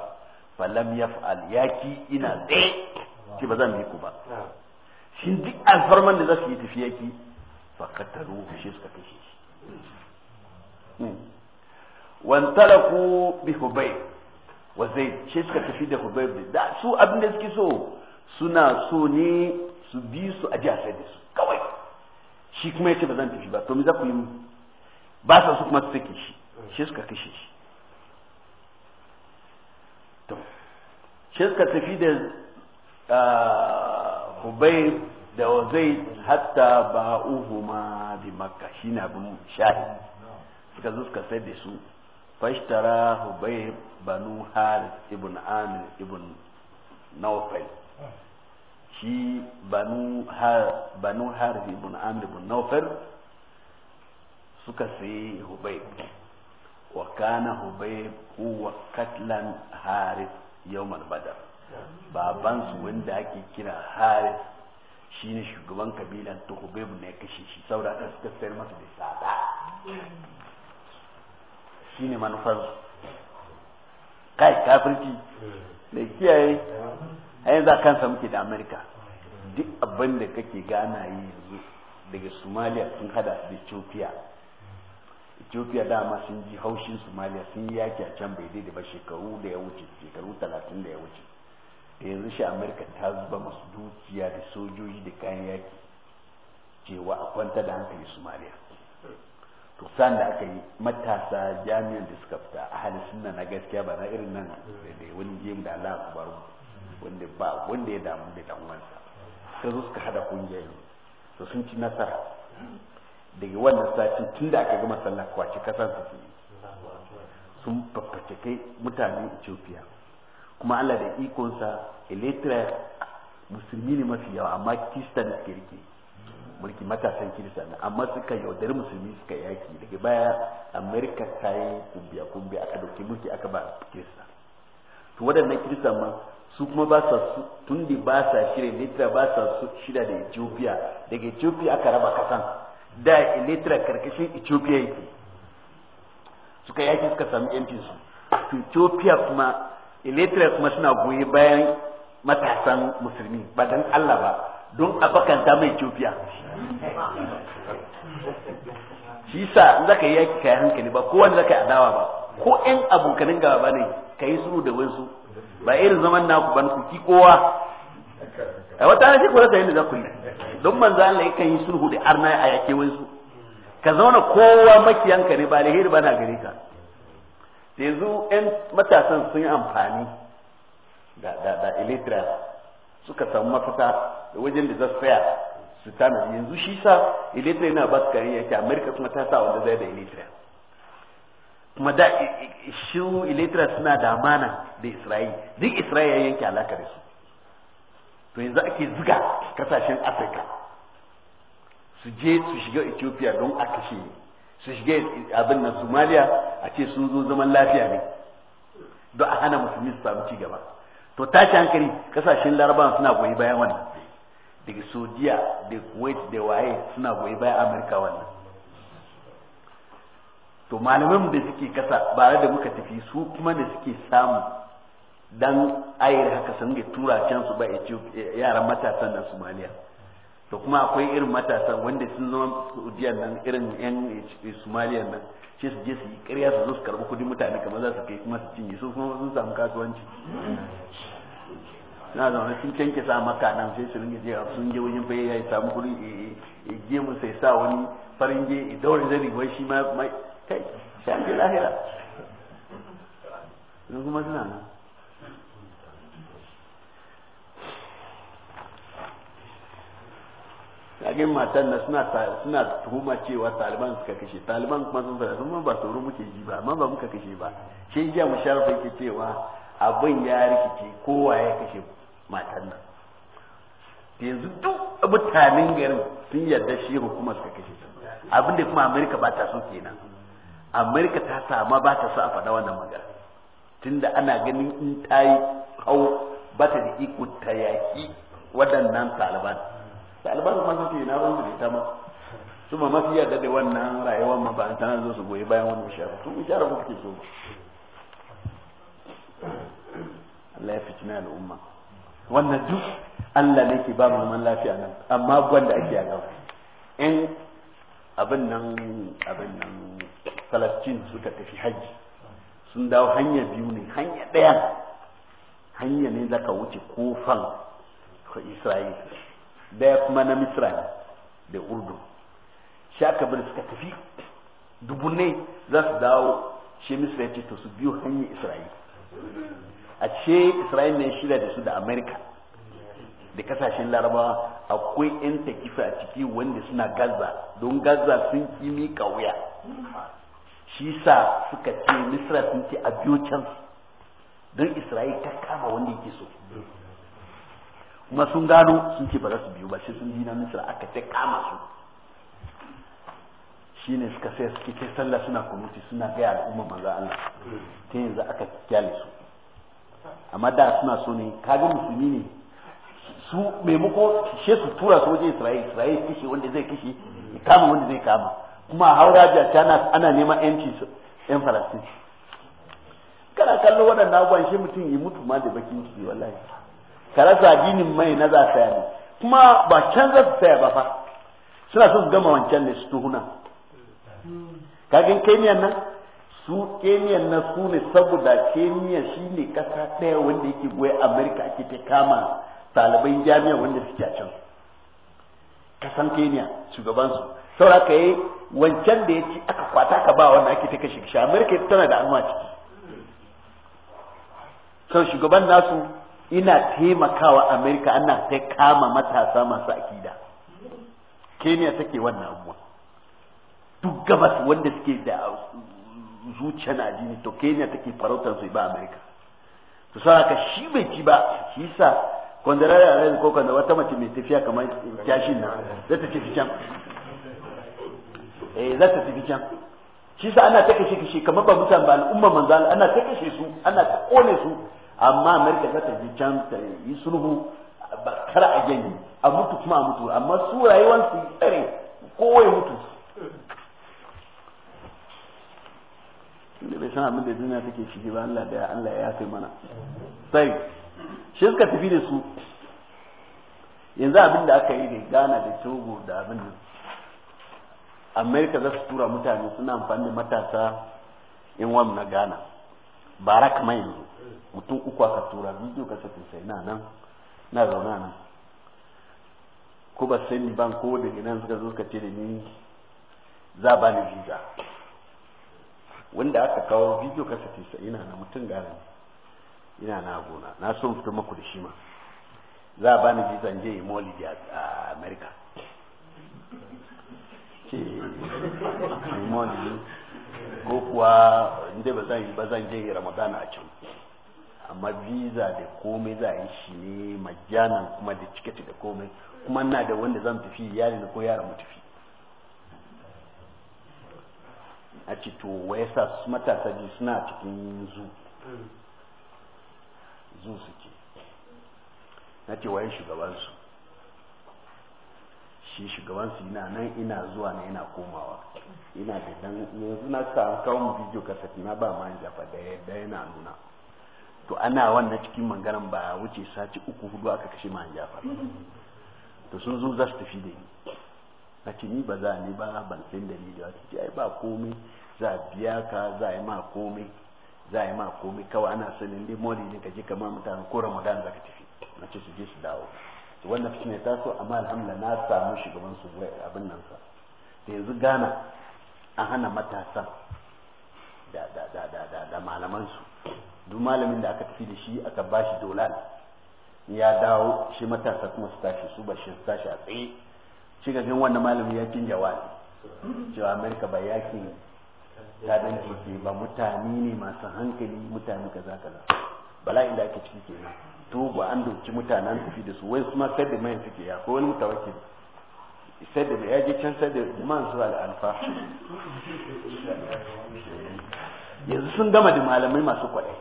falam yaf'al ki ina tsaye ce ba zan bi ku ba shi duk alfarman da za su yi tafiya ki fa qataluhu shi suka kashe wantalaku bi hubayb wa zaid shi suka tafi da hubayb da su abin da suke so suna so ne su bi su a ji da su kawai shi kuma yace ba zan tafi ba to me za ku yi ba sa su kuma su sake shi shi suka kashe shi to shi suka tafi da hubayb da wa zaid hatta ba'uhuma bi makka shine abin shahidi suka zo suka sai da su fashtara hubai banu haris ابن amir ابن نوفل شي banu haris ibn amir ibn نوفل suka sayi وكان wa kana hubai حارث يوم haris baban su babansu wanda ake kira haris shine shugaban kabilan ta hubai ne kashe shi saboda suka sayar masa da sada shine manufar kai kafirci da kiyaye a yanzu a kansa muke da amerika duk abin da kake gana yi yanzu daga somalia sun hada da ethiopia ethiopia dama sun ji haushin somalia sun yi yaki a can bai daidai ba shekaru da ya wuce shekaru talatin da ya wuce da yanzu shi amerika ta zuba masu dukiya da sojoji da kayan yaki cewa a kwanta da hankali somalia to san da aka yi matasa jami'an da suka fita a halin sunna na gaskiya ba na irin nan da wani jim da Allah baro wanda ba wanda ya damu da dan wansa sai su suka hada kungiya to sun ci nasara daga wannan sati tun da aka gama sallah kwace kasan su sun fafface kai mutane Ethiopia kuma Allah da ikonsa Electra musulmi ne mafi yawa amma kistan da kirki mulki matasan kirista ne amma suka yaudari musulmi suka yaki daga baya amerika ta yi kumbiya kumbiya aka dauki mulki aka ba kirista to waɗannan kirista ma su kuma ba sa su tun da ba sa shirin litra ba sa su shida da ethiopia daga ethiopia aka raba kasan da litra karkashin ethiopia yake suka yaki suka samu yancin su ethiopia kuma litra kuma suna goyi bayan matasan musulmi ba dan allah ba don a bakanta mai Ethiopia shi sa in ka yi yaki kayan hankali ba kowanne ka yi adawa ba ko yan abokanin gaba ba ne ka yi suru da wansu. ba irin zaman naku ban ku ki kowa a wata ana shi kwarasa yadda za ku yi don manzo Allah kan yi sulhu da arna a yake wansu. ka zauna kowa makiyanka ne ba alheri ba na gare ka yanzu 'yan matasan sun yi amfani da da da suka samu mafita da wajen da za su tsaya su tana yanzu shi sa elitra yana ba su kariya yake amerika kuma ta sa wanda zai da elitra kuma da shi elitra suna da amana da isra'il duk isra'il ya yanke alaka da su to yanzu ake zuga kasashen afirka su je su shiga ethiopia don a kashe su shiga abin na somalia a ce sun zo zaman lafiya ne don a hana musulmi su samu ci gaba to tashi hankali kasashen laraban suna goyi bayan wannan daga sojiya da kuwait da waye suna goyi bayan amurka wannan to malaman da suke kasa bare da muka tafi su kuma da suke samu dan ayir haka sun ga tura can su ba yaran matasan na sumaliya. da kuma akwai irin matasa wanda sun zama saudiya nan irin yan somaliya nan ce su je su yi ƙarya su zo su karɓi kudin mutane kamar za su kai kuma su cinye su kuma sun samu kasuwanci suna zaune sun canke sa maka nan sai su ringa jiya sun je wajen fayyaya ya samu kudin ya je mu sai sa wani farin je ya daure zari wai shi ma kai shi lahira kuma suna nan kagin matan na suna suna tuhuma cewa taliban suka kashe taliban kuma sun fara sun ba tsoro muke ji ba amma ba muka kashe ba shi jiya musharrafa yake cewa abin ya rikice kowa ya kashe matan nan yanzu duk mutanen garin sun yarda shi hukuma suka kashe su abin da kuma amerika ba ta so kenan amerika ta sama ba ta so a faɗa wannan magana tunda ana ganin in ta yi hau ba ta da iko ta yaƙi waɗannan taliban da albasan ma sun na da ma su ma da wannan rayuwar ma ba an tana zo su goyi bayan wani bishara su bishara ba kuke so Allah ya fitina al'umma wannan duk Allah ne ke ba mu zaman lafiya nan amma gwanda ake a gaba in abin nan abin nan Falastin suka tafi hajji sun dawo hanya biyu ne hanya ɗaya hanya ne zaka wuce kofan Isra'ila daya kuma na misra ne da urdu aka bari suka tafi ne za su dawo shi misra ya ce to su biyo hanyar israil a ce israil ne shirya da su da amerika da kasashen larabawa akwai 'yan takifa a ciki wanda suna gaza don gaza sun kimi kauya shi sa suka ce misra sun ce a biyo can don isra'il ta kama wanda yake so kuma sun gano sun ce ba za su biyu ba sai sun ji na misira aka ce kama su ne suka sai suke ta sallah suna kunuti suna gaya al'umma manzo Allah ta yanzu aka kyale su amma da suna so ne kaga musulmi ne su maimako she su tura su waje Isra'il Isra'il kishi wanda zai kishi ya kama wanda zai kama kuma a haura da tana ana neman yanci yan Falastin kana kallo waɗannan abubuwan shi mutum yi mutu ma da bakin ciki wallahi ka rasa ginin mai na za saya ne kuma ba can za su saya ba fa suna son gama wancan ne su tuhuna kagin kemiyan nan su kemiyan nan su ne saboda shi shine kasa ɗaya wanda yake goya amerika ake ta kama ɗaliban jami'a wanda suke a can kasan kemiya su saura ka yi wancan da ya ci aka kwata ka ba wanda ake ta kashe kashe amerika tana da alma ciki sau shugaban nasu ina taimakawa amerika ana ta kama matasa masu akida kenya take wannan abuwa duk gabas wanda suke da zuciya na addini to kenya take farautar su ba amerika to sa ka shi bai ci ba shi sa kwandara da rai ko kwandara wata mace mai tafiya kamar kyashi na za ta tafi can eh za ta tafi can shi sa ana ta kashe kashe kamar ba mutan ba al'umma manzal ana ta kashe su ana ta kone su amma amurka za ta ji can ta yi sulhu kar a gani a mutu kuma a mutu amma su rayuwar su tsare kowai mutu inda bai san abin da duniya take shige ba Allah da Allah ya kai mana sai shi suka tafi da su yanzu abin da aka yi da Gana da Togo da abin da Amerika za su tura mutane suna amfani da matasa in wam na Gana barak mai yanzu mutum uku aka tura bidiyo ka sai sai na nan na zauna nan ko ba sai ni ban ko da nan suka zo suka ce da ni za ba ni visa wanda aka kawo bidiyo ka sai ina na mutum gara ina na gona na son fito maku da shi ma za a bani visa je yi molidi a america ce molidi ko kuwa inda ba zan je yi ramadana a can amma visa da komai za a yi shi ne majanan kuma da tiketi da komai kuma na da wanda zan tafi iyali na ko yara mu tafi a ce to waye sa matasa ji suna cikin zu zu suke na ce waye shugabansu shi shugabansu ina nan ina zuwa na ina komawa ina da dan yanzu na sa kawo mu bidiyo kasati na ba ma jafa da daya na nuna to ana wannan cikin mangaran ba wuce sati uku hudu aka kashe man jafar to sun zo za su tafi da ni na ce ni ba za ni ba ban san da da ba ce ai ba komai za biya ka za a yi ma komai za a yi ma komai kawai ana sanin dai mori ne ka je ka ma mutane ko ramadan za ka tafi na ce su je su dawo to wannan fitina ta so amma alhamdulillah na samu shugaban su abin nan sa da yanzu gana an hana matasa da da da da da duk malamin da aka tafi da shi aka bashi dolan ya dawo shi matasa kuma su tashi su ba shi su tashi a tsaye shi ga gan wannan malamin ya kin jawabi cewa amerika ba yakin ta dan ba mutane ne masu hankali mutane kaza kaza bala inda ake ciki ke nan to ba an doki mutanen tafi da su wai kuma sai da mai suke ya ko wani mutawakkil sai da ya je can sai da man su al'alfa yanzu sun gama da malamai masu kwaɗe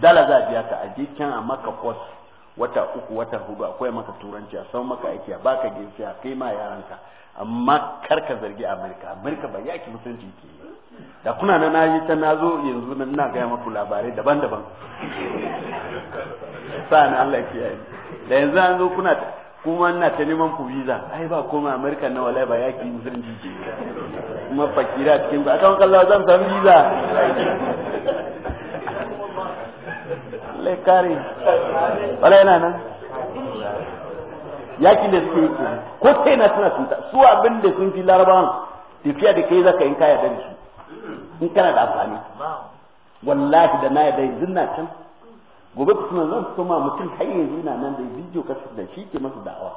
dala za a biya ka aje, can a maka kwas wata uku wata hudu akwai maka turanci a san maka aiki a baka gesi a kai ma yaranka amma kar ka zargi amurka Amurka ba yaki mutunci ke yi da kuna na nayi ta na zo yanzu na, na gaya maku labarai daban-daban sa'an Allah kiyaye da yanzu an zo kuna kuma ina ta neman ku visa ai ba koma amerika na wallahi ba yaki musulunci ke kuma fakira cikin ba akan kalla zan san visa lekari kare wala yana nan yaki da suke yi ko sai na suna tunta su abin da sun fi larabawan tafiya da kai zaka in kaya da su in kana da amfani wallahi da na yadda yanzu na can gobe su suna zan soma mutum har yanzu na nan da bidiyo ka da shi ke masa da'awa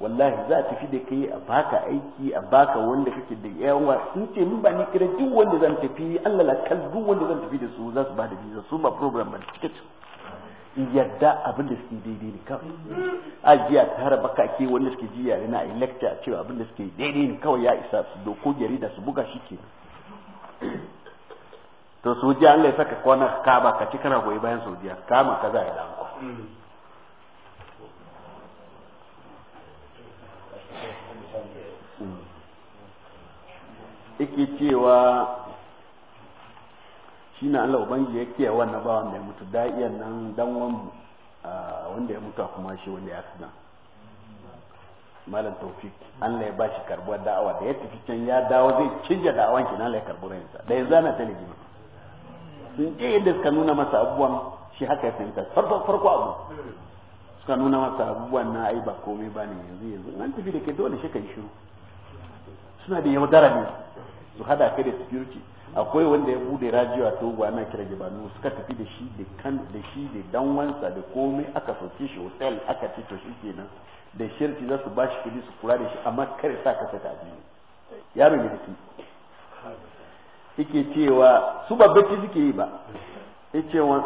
wallahi za a tafi da kai a baka aiki a baka wanda kake da yawa sun ce min ba ni kira duk wanda zan tafi Allah la kal duk wanda zan tafi da su za su ba da visa su ba program ba ticket yadda abin da suke daidai ne kawai a jiya ta hara baka ke wanda suke jiya yana a lecture cewa abin da suke daidai ne kawai ya isa su doko jarida su buga shi kenan to sojiya Allah ya saka kwana kaba ka ci kana goyi bayan sojiya kama za a yi kwa ike hmm. cewa shi na Allah Ubangiji ya ke wannan ba wanda ya mutu da'iyan nan dan wanda ya mutu kuma shi wanda ya suna malam taufik Allah ya ba shi karbuwar da'awa da ya tafi can ya dawo zai cinja da'awan ki na Allah ya karbu rayinsa da yanzu ana talibin sun ce eh, yadda suka nuna masa abubuwan shi haka ya fahimta farko abu suka nuna masa abubuwan na ai ba komai ba ne yanzu yanzu an tafi da ke dole shi yi shiru suna da yaudara ne su hada kai da security akwai wanda ya bude radio a togo ana kira gibanu suka tafi da shi da kan da shi da danwansa da komai aka sauke shi hotel aka ci to shi kenan da shirki za su ba shi kudi su kula da shi amma kare sa kasa ta biyu yaro ne da suke cewa su ba suke yi ba yace wan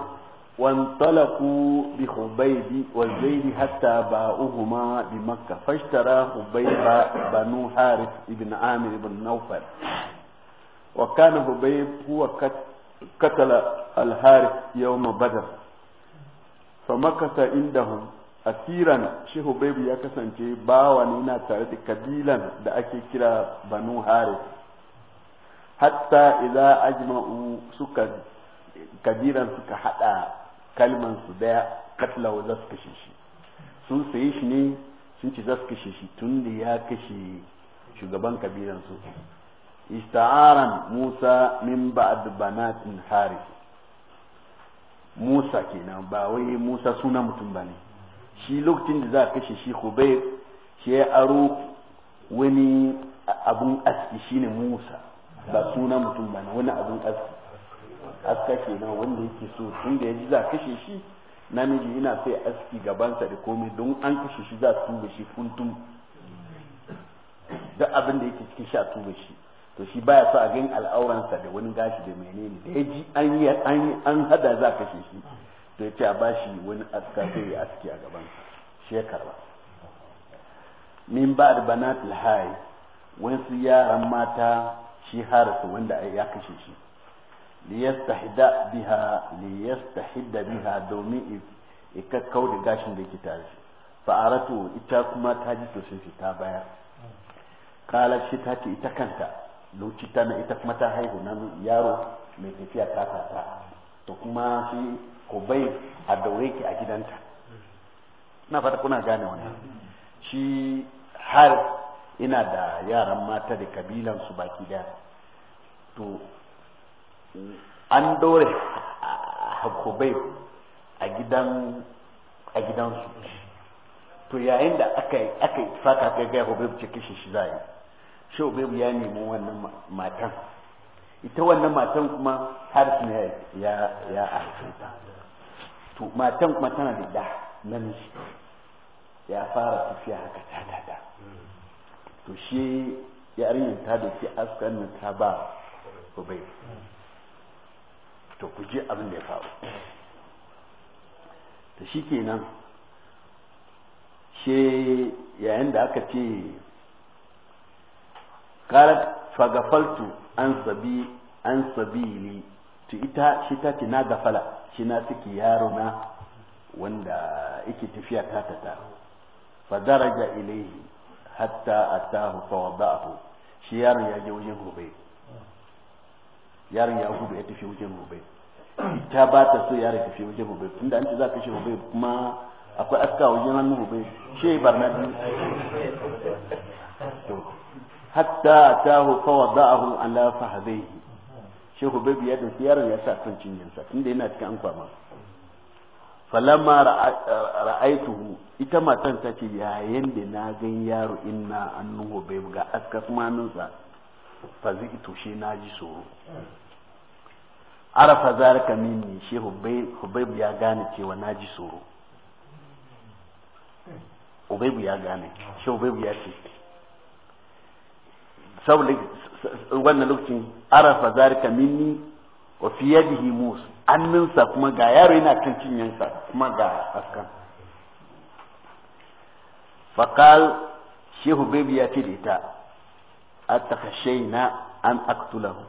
wantalaku bi hubaybi wa zaidi hatta ba'uhuma bi maka fashtara hubayba banu harith ibn amir ibn nawfal wa kana hubayb huwa katala al harith yawm badr inda indahum asiran shi hubayb ya kasance bawa ne na tare da kabilan da ake kira banu harith hatta idza ajma'u suka kabiran suka hada kalman su daya katla wa zasu shi sun sayi shi ne sun ci zasu shi tun da ya kashe shugaban kabiran su ista'aran Musa min ba'd banatin Haris Musa kenan ba wai Musa suna mutum bane shi lokacin da za a kashe shi Khubayr shi ya aro wani abun aski shine Musa ba suna mutum ba na wani abin aski aska ke nan wanda yake so tun da ya ji za kashe shi namiji ina sai aski gabansa da komai don an kashe shi za su shi kuntum duk abin da yake cikin sha tuba shi to shi baya sa a gan al'auransa da wani gashi da menene da ya ji an yi an hada za kashe shi to ya ce a bashi wani aska sai ya aski a gaban shi min karba min ba'd al-hay hayy wasu yaran mata shi harisa wanda ya kashe shi liyastahida biha liyastahida biha domin ikakkau da gashin da yake tare fa'aratu ita kuma ta ji to ta bayar kala shi ta ce ita kanta lokaci ta na ita kuma ta haihu nan yaro mai tafiya ta ta to kuma shi ko bai a daure ki a gidanta na fata kuna gane wannan shi har ina da yaran mata da kabilan su baki daya to an dore hakubai a gidan a to yayin da aka aka faka kai ga Hubeb ce kishi shi zai shi Hubeb ya nemi wannan matan ita wannan matan kuma har ya ya haife ta to matan kuma tana da da namiji ya fara tafiya haka ta da to shi yarinyar ta doki askarin ta ba bai to ku ji abin da ya faru to shi kenan shi yayin da aka ce karat fagafaltu an sabi an sabili to ita shi ta ce na gafala shi na suke yaro na wanda yake tafiya ta ta ta fa daraja ilaihi hatta atahu fawadahu shi yaron ya je wajen gobe yaron ya gobe ya tafi wajen gobe ta ba ta so yaron tafi wajen gobe tunda an ce za ka shi gobe kuma akwai aska wajen hannun gobe shi barna to hatta atahu fawadahu ala fahadhihi shi gobe biyar da yaron ya sa kan cinyinsa tunda yana cikin an kwama Falamma ra'aituhu ita matan ta ce yayin da na gan yaro inna annuhu bai ga askasmaninsa fa zai ito shi na ji tsoro arafa zalika minni shi hubayb ya gane cewa na ji tsoro hubayb ya gane shi hubayb ya ce saboda wannan lokacin arafa zalika minni wa fi yadihi musu. annunsa kuma ga yaro yana kan cinyansa kuma ga askan faƙal shehu bebi ya ce da ita a takashai na an aktulahu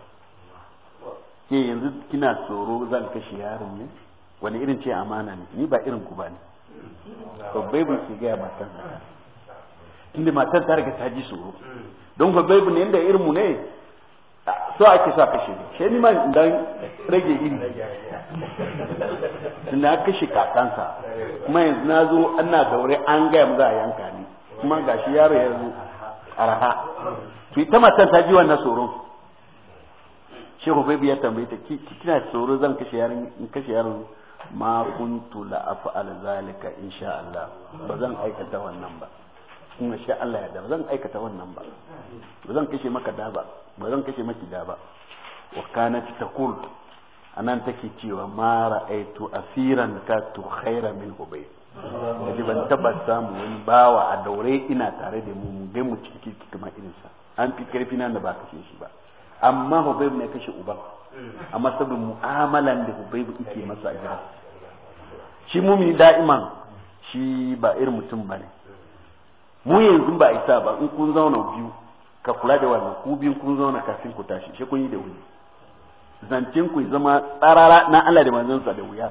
ke yanzu kina tsoro zan kashe yaron ne wani irin ce amana ne ni ba irin ku ba ne ke gaya matan inda matan ta riga ta ji tsoro don babbai ne inda irin mu ne so ake sa kashe ne shi ma dan rage iri na kashe kakansa kuma yanzu na zo ana daure an gaya mu za a yanka ni kuma gashi yaro ya zo araha to ita matan ta ji wannan tsoro shehu bai ya tambaye ta kina tsoro zan kashe yaro in kashe yaro ma kuntu la af'al zalika insha Allah ba zan aikata wannan ba in sha Allah ya da ba zan aikata wannan ba ba zan kashe maka da ba ba zan kashe da ba wa kanat taqul anan take cewa ma ra'aitu asiran ka tu khaira min hubay yaji ban taba samu wani bawa a daure ina tare da mu mu ga mu ciki kuma irin sa an fi karfi nan da ba kashe shi ba amma hubay ne kashe uban amma saboda mu'amalan da hubay yake masa a gida shi mumi da'iman shi ba irin mutum bane mu yanzu ba isa ba in kun zauna biyu ka kula da wannan ku biyun kun zauna kafin ku tashi shi kun yi da wuya zancen ku zama tsarara na Allah da sa da wuya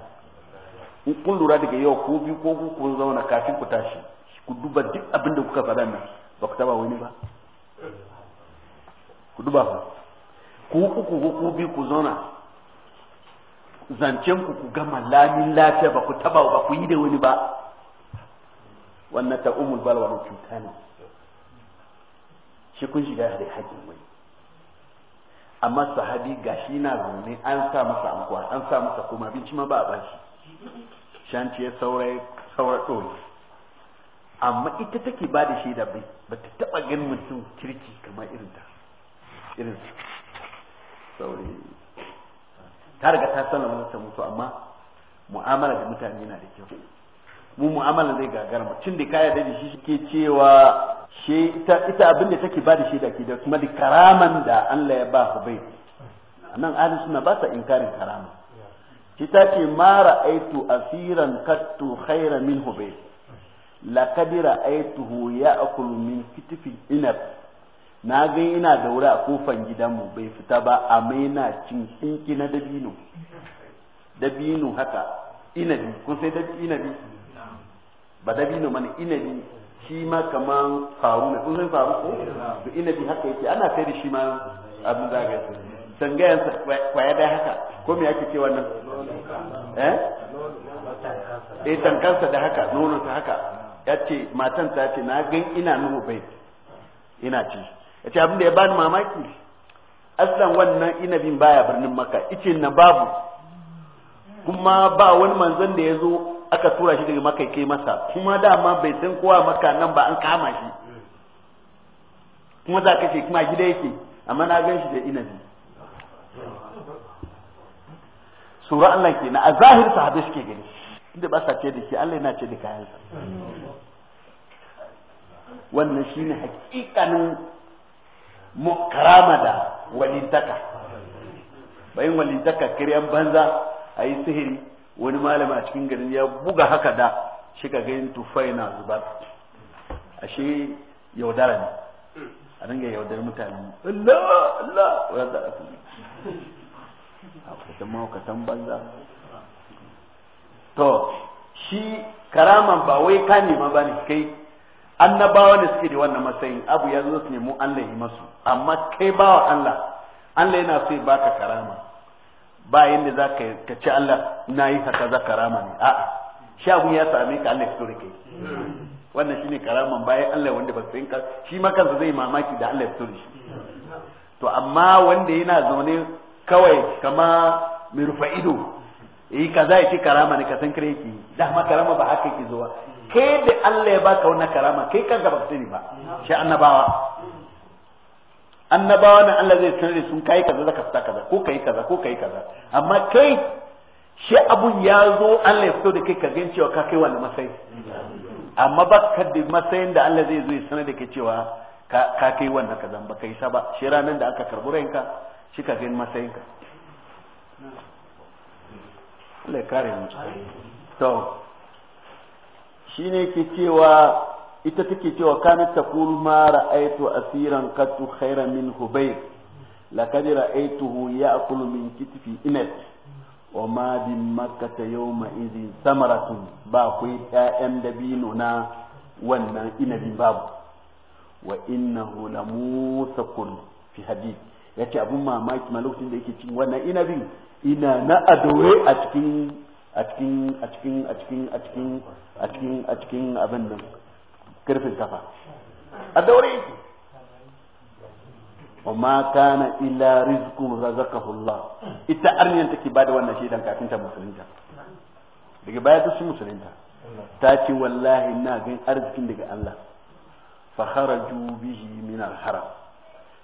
in kun lura daga yau ku biyu ko ku kun zauna kafin ku tashi ku duba duk abin da kuka faɗa nan ba ku taba wani ba ku duba ku ku uku ko ku biyu ku zauna zancen ku ku gama lamin lafiya ba ku taba ba ku yi da wani ba wannan ta umul balwa cuta ne shi kun shiga da haƙƙin wai amma sahabi gashi na zaune an sa masa ankuwa an sa masa kuma abinci ma ba a bashi shanci ya saurayi saurar ɗori amma ita take ba da da bai ba ta taɓa ganin mutum kirki kamar irin ta irin saurai ta riga ta sanar ta mutu amma mu'amala da mutane na da kyau mu mu'amala zai gagara tun da kaya da shi ke cewa shi ita ita abin da take ba da shaida ke da kuma da karaman da Allah ya ba Hubayb nan ahli suna ba sa inkarin karama shi ta ce ma ra'aitu asiran kattu khaira min Hubayb laqad ra'aituhu ya'kulu min kitfi inab na ga ina da a kofan gidanmu bai fita ba amma yana cin tsinki na dabino dabino haka inabi kun sai dabi inabi ba dabino mana inabi shi ma kaman faru ne kun san faru ko ina bi haka yake ana kai da shi ma abin da ga su sangayansa kwaya da haka ko me ake cewa nan eh eh tankansa da haka ta haka yace matan ta ce na gan ina nuhu bai ina ci yace abin da ya bani mamaki aslan wannan inabin baya birnin maka ice na babu kuma ba wani manzon da ya zo aka tura shi daga maka kai masa kuma dama bai san kowa maka nan ba an kama shi kuma za ka ce kuma gida yake amma na gan shi da inabi sura Allah ke na a zahir sahabai suke gani inda ba sa ce da shi Allah yana ce da kayansa wannan shine hakikanin karama da walintaka bayan walintaka kiryan banza ayi sihiri wani malami a cikin garin ya buga haka da shi ka gani tufai na zubar shi yaudara ne a dinga yaudar mutane Allah Allah wa za a banza to shi karaman ba wai ka nema ba ne kai annabawa ne suke da wannan matsayin abu ya zo su nemo Allah yi masu amma kai bawa Allah Allah yana so ya baka karama ba yanda za ka ci Allah na yi haka za ka rama ne a'a shagun ya same ka Allah ya fito kai wannan shine karaman bayan Allah wanda ba san ka shi ma kansa zai mamaki da Allah ya fito shi to amma wanda yana zaune kawai kama mirfa ido yi eh, kaza ya ci karama ne ka san kare yake ma karama ba haka yake zuwa kai da Allah ya baka wannan karama kai kanka ba ka sani ba shi annabawa annabawa na Allah zai sanar da sun kai kaza zaka fita kaza ko kai kaza ko kai kaza amma kai shi abun ya zo Allah ya fito da kai ka gan cewa ka kai wani matsayi amma ba ka da matsayin da Allah zai zo ya sanar da kai cewa ka kai wannan kaza ba kai sa ba shi ranan da aka karbi ranka shi ka gan matsayin ka Allah ya kare mu to shine ke cewa ita take cewa ta taqulu ma ra'aytu asiran qattu khairan min hubayb laqad ra'aytuhu ya'kulu min kitfi inat wa ma bi makkah yawma idhin samaratun ba ku ƴaƴan dabino na wannan inabi babu wa innahu lamusakun fi hadith yace abun mamaki ma lokacin da yake cin wannan inabin ina na adowe a a cikin a cikin a cikin a cikin a cikin a cikin abin nan karfin kafa a daure yake amma kana illa rizqu razaqahu ita arniyan take bada wannan shaidan kafin ta musulunta daga baya ta su musulunta ta ce wallahi na gan arzikin daga Allah fa kharaju bihi min al-haram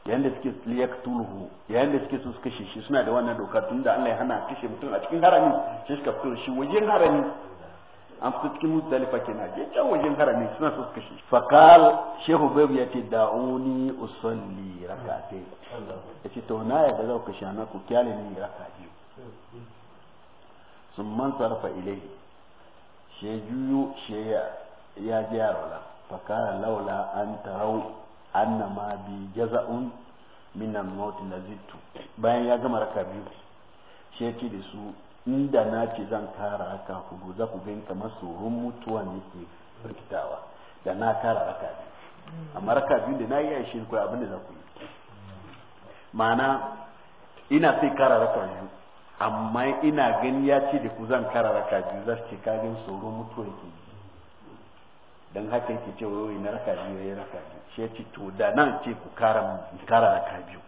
yayin da suke liyaktuluhu yayin da suke so su kashe shi suna da wannan doka tunda da Allah ya hana kashe mutum a cikin harami sai suka fito shi wajen harami an fi cikin muzdalifa kenan je can wajen harami suna su kashe faqal shehu bayu ya ce da'uni usalli rak'atayn ya ce to na yadda za ku kashe na ku kyale ni raka biyu sun man sarfa ilayhi she juyo she ya ji laula an tarau ma bi jaza'un min maut lazittu bayan ya gama raka biyu she ce da su inda na ce zan kara aka ku za ku gani masu tsoron mutuwa ne ke rikitawa da na kara aka biyu amma raka biyu da na yi yashi kawai abin da za ku yi ma'ana ina sai kara raka biyu amma ina gani ya ce da ku zan kara raka biyu za su ce kagin tsoron mutuwa ke yi don haka yake ce wai na raka biyu ya raka biyu shi ya ce to da nan ce ku kara raka biyu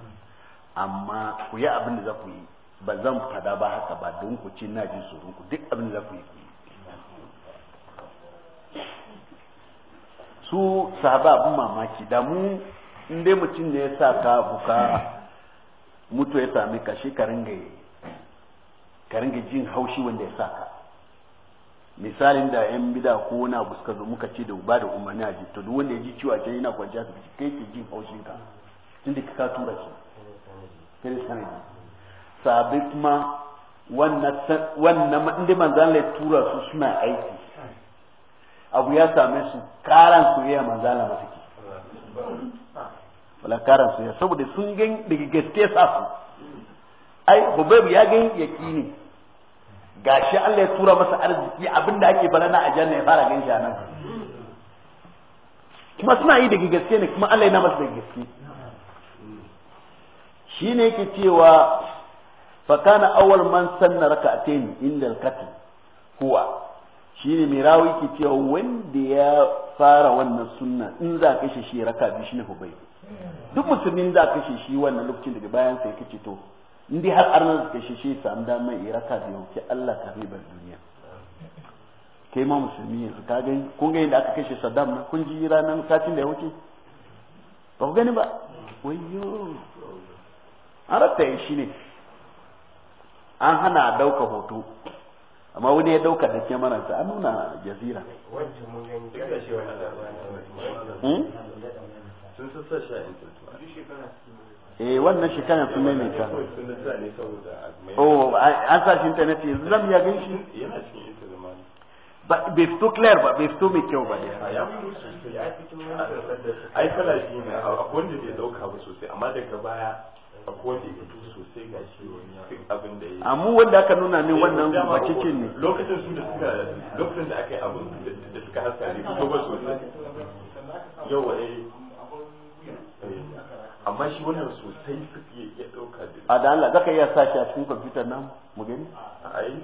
amma ku yi abin da za ku yi ba zan fada ba haka ba don ku ci na ji tsoron ku duk abin da ku yi su sahaba abin mamaki da mu in mutum ne ya sa ka buka mutu ya sami ka shi ka jin haushi wanda ya sa ka misalin da yan bida ko na buska zo muka ce da ba da umarni a to duk wanda ya ji ciwa a can yana kwanciya su kai ke jin haushin ka tun da ka tura su. kai sanadi sabit kuma wannan inda manzan lai tura su suna aiki abu ya same su karan soyayya manzan lai suke wala karan soyayya saboda sun gan daga gaske sa su ai hubab ya gan ne gashi Allah ya tura masa arziki abinda ake fara na ajanna ya fara gan shi nan kuma suna yi daga gaske ne kuma Allah ya na masa daga gaske shine yake cewa fakana awal man sanna raka'atayn inda al-qatl huwa shine mirawi ke cewa wanda ya fara wannan sunna in za ka shi raka bi shine hubai duk musulmin za ka shi wannan lokacin daga bayan sai ce to indai har arna ka shi shi samu da mai raka biyu ki Allah ka ribar duniya kai ma musulmi yanzu ka gani kun ga da aka kashe Saddam na kun ji ranar satin da ya wuce ba ku gani ba wayyo an rabta shi ne an hana a dauka hoto amma wani ya dauka da sa an nuna jazira eh wannan shekara sun maimaita oh an sa shi internet yanzu zan ya gan shi bai fito clear ba bai fito mai kyau ba ne ai kala shi ne a wanda bai dauka ba sosai amma daga baya a kowace ya fito sosai ga shi wani abin da ya amma wanda aka nuna ne eh, wannan bacicin ne lokacin su da suka lokacin da aka yi abin da suka hasa ne ko ba su sosai yau wa eh, amma shi wani wannan sosai suke ya dauka da a da Allah zaka iya sa shi a cikin kwamfutar nan mu gani ai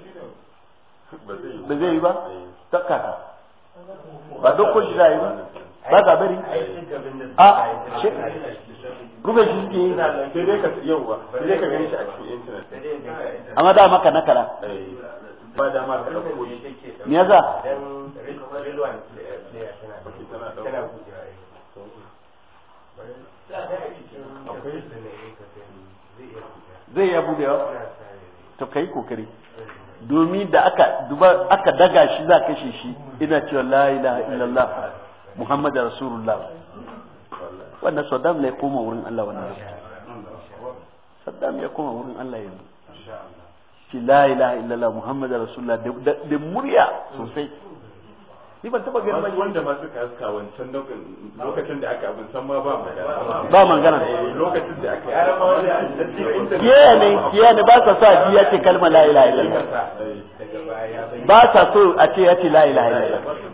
ba zai yi ba Ba zai yi ba eh. takkata ba dokon shi za yi ba ba ga bari a rufe shi suke sai dai ka sai dai ka gani shi a cikin internet amma da ma ka me zai ya bude to kai kokari domin da aka daga shi za kashe shi ina cewa la ilaha illallah muhammad rasulullah wannan saddam ne koma wurin Allah wannan saddam ya koma wurin Allah yanzu shi la ilaha illallah muhammad rasulullah da murya sosai ni ban taba ganin wani wanda ma suka haska wancan lokacin da aka abin san ma ba magana ba magana lokacin da aka yara ma wanda ya ne ya ne ba sa sa ji yace kalma la ilaha illallah ba sa so a ce yace la ilaha illallah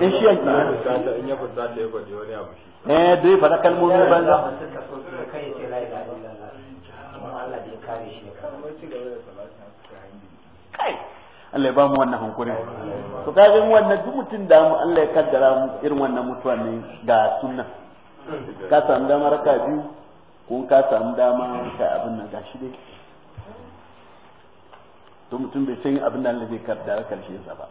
in shi yanki ne in ya fada ta ya faɗi wani abu shi eh dai fada kalmomi banza kai Allah ya ba mu wannan hankuri to kaje mu wannan duk mutun da mu Allah ya kaddara mu irin wannan mutuwa ne ga sunna ka samu dama raka biyu ko ka samu dama ka abin nan gashi dai to mutum bai san abin nan da zai kaddara karshe sa ba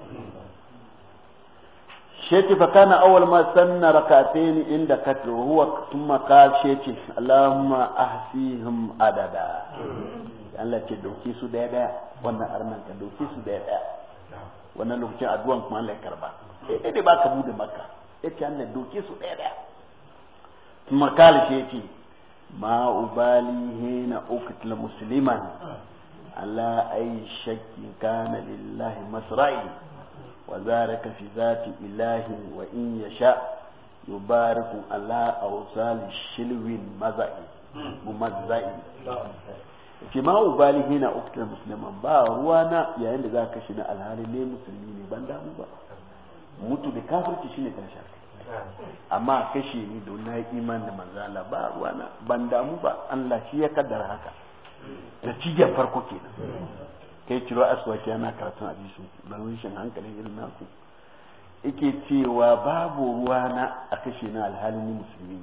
sheti fa kana awal ma sanna rakatain inda katru huwa thumma qal sheti allahumma ahsihim adada Allah ce doki su daya da, wannan arnan ka doki su daya da. wannan lokacin addu'an kuma Allah ya karba sai eh, dai baka bude makka yace Allah doki su da. daya thumma qal sheti ma ubali hina uqtil musliman ala ay shakkin kana lillahi masra'i وذلك في ذات إله وإن يشاء يبارك على أوصال الشلو المزعي ممزعي ce ma ubali hina uktar musulman ba ruwa na yayin da za ka na alhali ne musulmi ne ban ba mutu da kafirci shine karshen amma kashe ni don na iman na manzala ba ruwa na ban damu ba Allah shi ya kaddara haka da cigen farko kenan kai ciro aswaki yana karatun hadisi ba shin hankalin irin naku yake cewa babu ruwa na a kashe na alhalin musulmi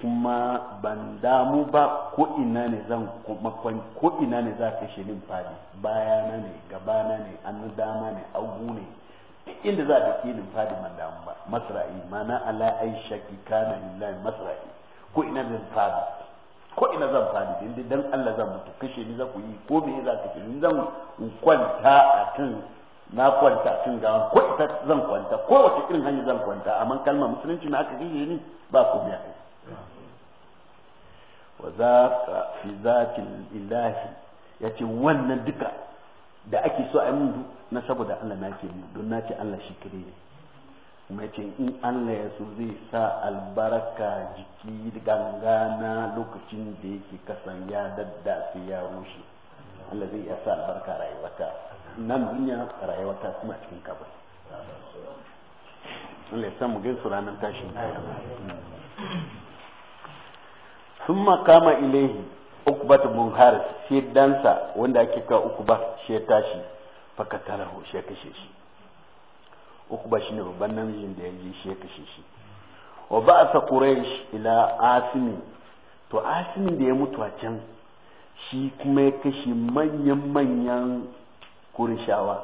kuma ban damu ba ko ina ne zan ko ina ne za kashe nin fadi bayana ne gabana ne an dama ne agu ne duk inda za ka kashe nin fadi ban damu ba masra'i mana ala aisha ki kana lillahi masra'i ko ina zan fadi ko ina zan fadi din dan Allah zan mutu kashe ni za ku yi ko me za ka ni zan kwanta a kan na kwanta a kan ko ita zan kwanta ko wata irin hanya zan kwanta amma kalmar musulunci na aka gije ni ba ku biya kai wa za ka fi zati ilahi yace wannan duka da ake so a yi na saboda Allah na ke don na ce Allah shi kire ne ce in Allah ya so zai sa albarka jiki na lokacin da yake kasan ya dadda su ya rushe Allah zai ya sa albarka rayuwata nan duniya rayuwata kuma cikin kabari Allah ya sa mu gaisu ranar tashin kaya ثم قام إليه أقبة بن حارس شيء دانسا وندا كيكا أقبة شيء تاشي ya kashe shi. ukuba shine babban namijin da ya je shi ya kashe shi wa ba'sa quraish ila asimi to asimi da ya mutu a can shi kuma ya kashe manyan manyan kurishawa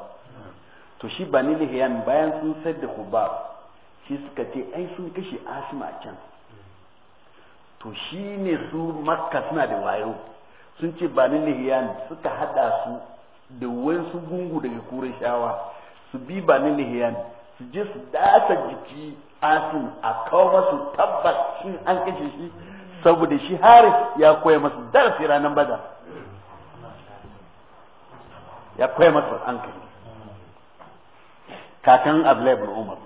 to shi bani lihiyan bayan sun sai da kuba shi suka ce ai sun kashe asimi a can to shi ne su makka suna da wayo sun ce bani lihiyan suka hada su da wasu gungu daga kurishawa su bi bani lihiyan Jis da ta jiki asin a kawo masu tabbas shi an kashe shi saboda shi haris ya koya masu darasi ranar bada ya koya masu an kai kakan abdullahi ibn umar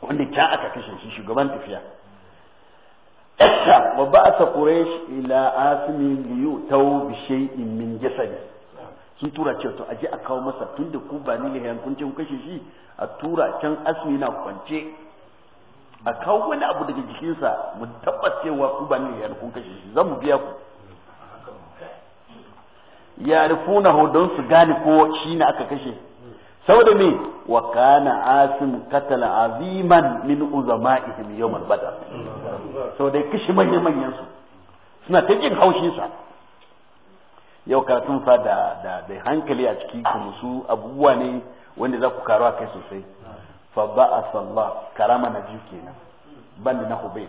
wanda can aka kashe shi shugaban tafiya Esta wa ba'asa Quraysh ila asmi liyutau bi shay'in min jasadi sun tura cewa to aje a kawo masa tun da ku ba ni ne kun kashe shi a tura can asmi na kwance a kawo wani abu daga jikinsa mu tabbas cewa ku ba ni ne kun kashe shi zan mu biya ku yarifunahu don su gane ko shi ne aka kashe saboda me wa kana asim katala aziman min uzama'ihim yawmal al-badr saboda kishi manyan manyan su suna ta jin haushin sa yau karatun fa da da da hankali a ciki ku musu abubuwa ne wanda za ku karuwa kai sosai fa ba sallah karama na ji kenan banda na hubay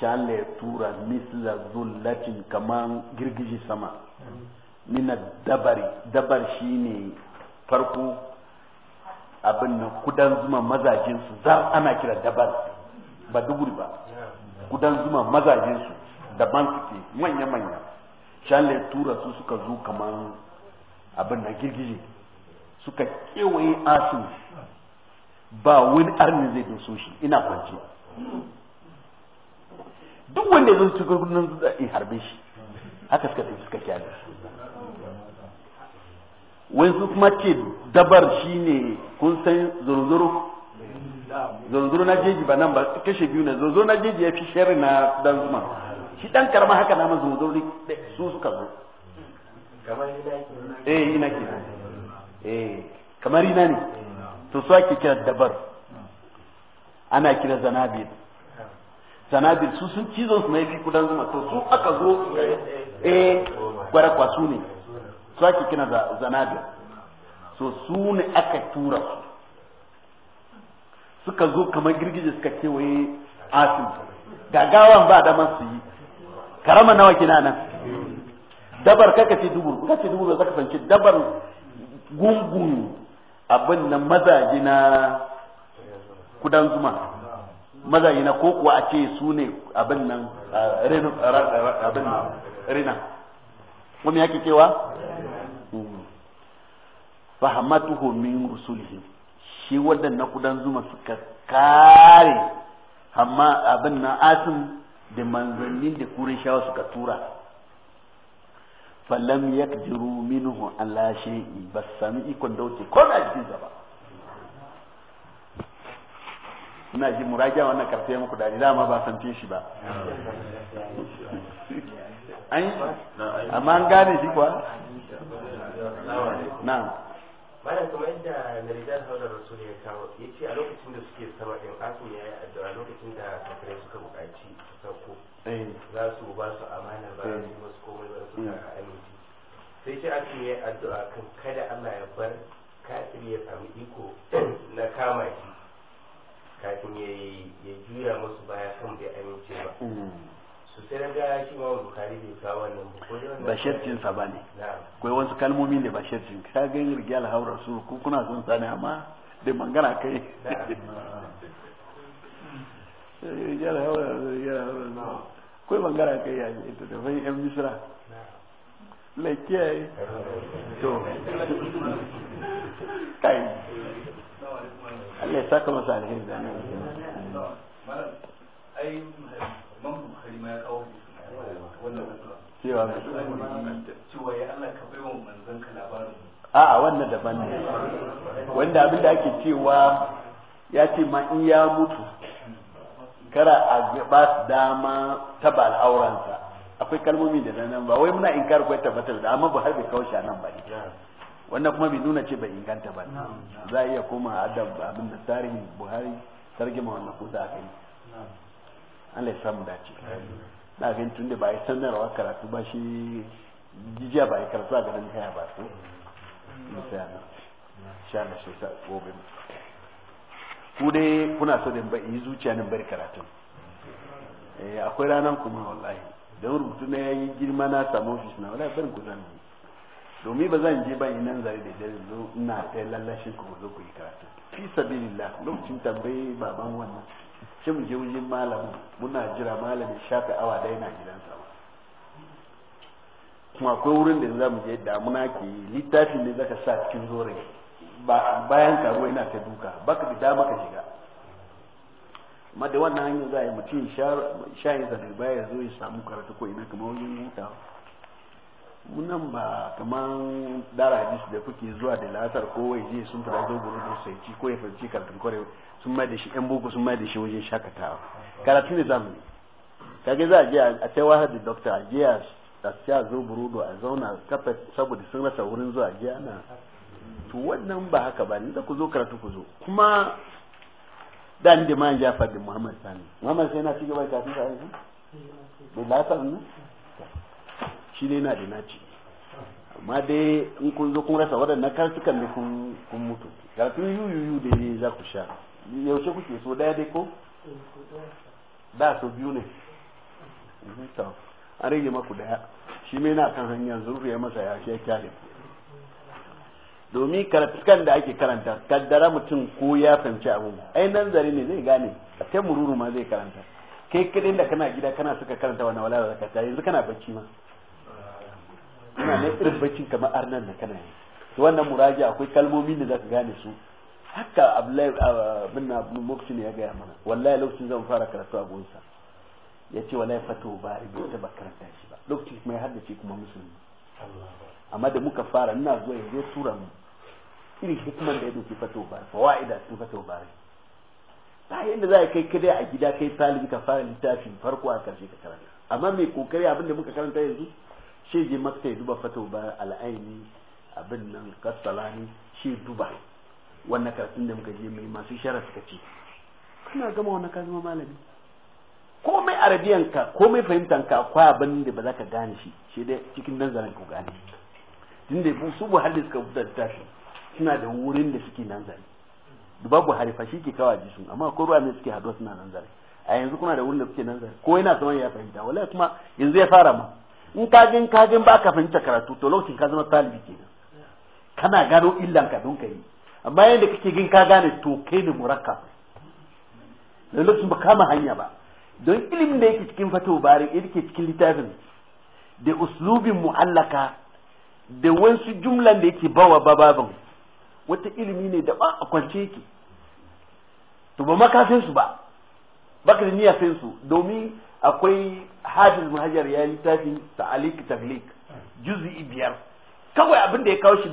shan la tura misla zullatin kaman girgiji sama mina dabari dabar shine farko abin nan kudan zuma mazajin su zar ana kira dabar ba duguri ba kudan zuma mazajin su daban suke manya manya shalle tura su suka zo kamar abin na girgije suka kewaye asin ba wani arni zai doso shi ina kwance duk wanda zai cikin zai in harbe shi haka suka tafi suka kyale wai su kuma ce dabar shine kun san zurzuru zurzuru na jeji ba nan ba kashe biyu na zurzuru na jeji ya fi shari na dan zuma shi dan karama haka na mazunzuri su suka zo eh ina ke eh kamar ina ne to su ake kira dabar ana kira zanabil zanabil su sun cizo su mai dan zuma to su aka zo eh gwara kwasu ne su ake kira zanabil so su ne aka tura su suka zo kamar girgije suka kewaye asin gagawan ba da su yi karama nawa kina nan dabar kaka ce dubu kaka ce dubu zaka fanci dabar gungun abin nan mazaji kudan zuma mazajina na ko kuwa a ce su ne abin nan abin nan rina kuma yake cewa fahamatuhu min rusulihi shi wadannan kudan zuma suka kare amma abin nan asim da manzannin da shawa suka tura falam yakjuru minhu ala shay'in bas sami ikon wuce ko da jikin ina ji muraja wannan karfe muku da dama ba san shi ba an amma an gane shi kuwa na'am malam kuma yadda na rijal haula rasul ya kawo ya ce a lokacin da suke sama in asu ya yi addu'a lokacin da kafirai suka buƙaci su sauko za su ba su amana ba su yi masu komai ba su ka aminci sai ce asu ya yi addu'a kan kada allah ya bar kafiri ya samu iko na kama shi kafin ya juya masu baya kan bai amince ba ba sharcinsa ba ne kai wasu kalmomi ne ba sharcin ka haura su ku kuna sani amma da mangana kai eh, rigyal haura rigyal haura kai mangana kai ya ne ita da yan misra lakiyaye to kai Allah ya saka masa alheri da ai cewa a wannan daban ne wanda abin da ake cewa ya ce ma in ya mutu kara a ba su dama taba al'auransa akwai kalmomi da nan ba wai muna inkar kwai tabbatar da amma ba har bai kawo nan ba ne wannan kuma bai nuna ce bai inganta ba za a iya koma adam abin da tarihin buhari sarki ma wannan kusa a kai Allah ya samu dace na gan tun da ba yi sanarwa karatu ba shi jijiya ba yi karatu a ganin kaya ba su misali sha na shi sa gobe ku dai kuna so da yi zuciya nan bari karatun eh, akwai ranar kuma wallahi Da rubutu na yayi girma na samu ofis na wallahi barin ku zan domin ba zan je ba yi nan zare da jari zo ina ta lallashin ku zo ku yi karatu fi sabilillah lokacin tambayi baban wannan sai mu je wajen malamin muna jira malamin shafe awa da yana gidansa kuma akwai wurin da za mu je damuna ke littafin littafi ne zaka sa cikin zore bayan karuwa yana ta duka baka da dama ka shiga amma da wannan hanyar za a yi mutum shayin sa ya zo ya samu karatu ko ina kamar wajen wuta. munan ba kamar dara da kuke zuwa da latar ko wai sun fara zo gurin sai ci ko ya ci karatun kwarewa sun mai da shi yan boko sun mai da shi wajen shakatawa karatu ne zamu kage za a je a sai wahar da doctor a je a a zo burudo a zauna kafa saboda sun rasa wurin zuwa jiya na to wannan ba haka ba ni da ku zo karatu ku zo kuma da ni da man jafa da muhammad sani muhammad sai na cigaba da kafin ne bai lafar ne shi ne na da naci amma dai in kun zo kun rasa waɗannan kartukan da kun mutu karatu yuyuyu da ne za ku sha yaushe kuke so daya dai ko da so biyu ne mhm, an rage maku daya shi mai na kan hanyar zurfi ya masa ya shi kyale domin karatukan da ake karanta kaddara mutum ko ya fahimci abu ai nan zare ne zai gane A ta mururu ma zai karanta kai kadai da kana gida kana suka karanta wani wala da kata yanzu kana bacci ma ina ne irin baccin kamar arnan da kana yi wannan muraji akwai kalmomin da zaka gane su haka uh, abin na abin mokcin ya gaya mana wallahi lokacin zan fara karatu a gonsa ya ce wallahi ba bari ta taba karanta shi ba lokacin kuma ya haddace kuma musulmi amma da muka fara ina zuwa ya zo tura mu irin hikimar da ya doki fatawa bari fawa'ida sun ba bari ba yadda za a kai kada a gida kai talibi ka fara littafin farko a karshe ka karanta amma mai kokari abin da muka karanta yanzu shi je makta ya duba fatawa bari al'aini abin nan kasalani shi duba wannan karatun da muka je mai masu shara suka ce kana gama wannan ka zama malami komai arabiyan ka komai fahimtan ka akwai abin da ba za ka gane shi shi dai cikin nan zaren ku gane da su buhari suka fitar da tashi suna da wurin da suke nan zare duba buhari fa shi ke kawo sun amma akwai ruwa ne suke haduwa suna nan zare a yanzu kuna da wurin da suke nan zare ko yana saman ya fahimta wala kuma yanzu ya fara ma in ka jin ka jin ba ka fahimta karatu to lokacin ka zama talibi kenan kana gano illan ka don ka yi amma yadda kake gin ka gane to kai ne murakkab da lokacin ba kama hanya ba don ilimin da yake cikin fatawa bari yake cikin littafin da uslubin mu'allaka da wasu jumlan da yake bawa bababin wata ilimi ne da ba a kwance yake to ba makafin su ba baka da niyafin su domin akwai hafiz muhajar ya littafin ta'alik tablik juz'i biyar kawai abin da ya kawo shi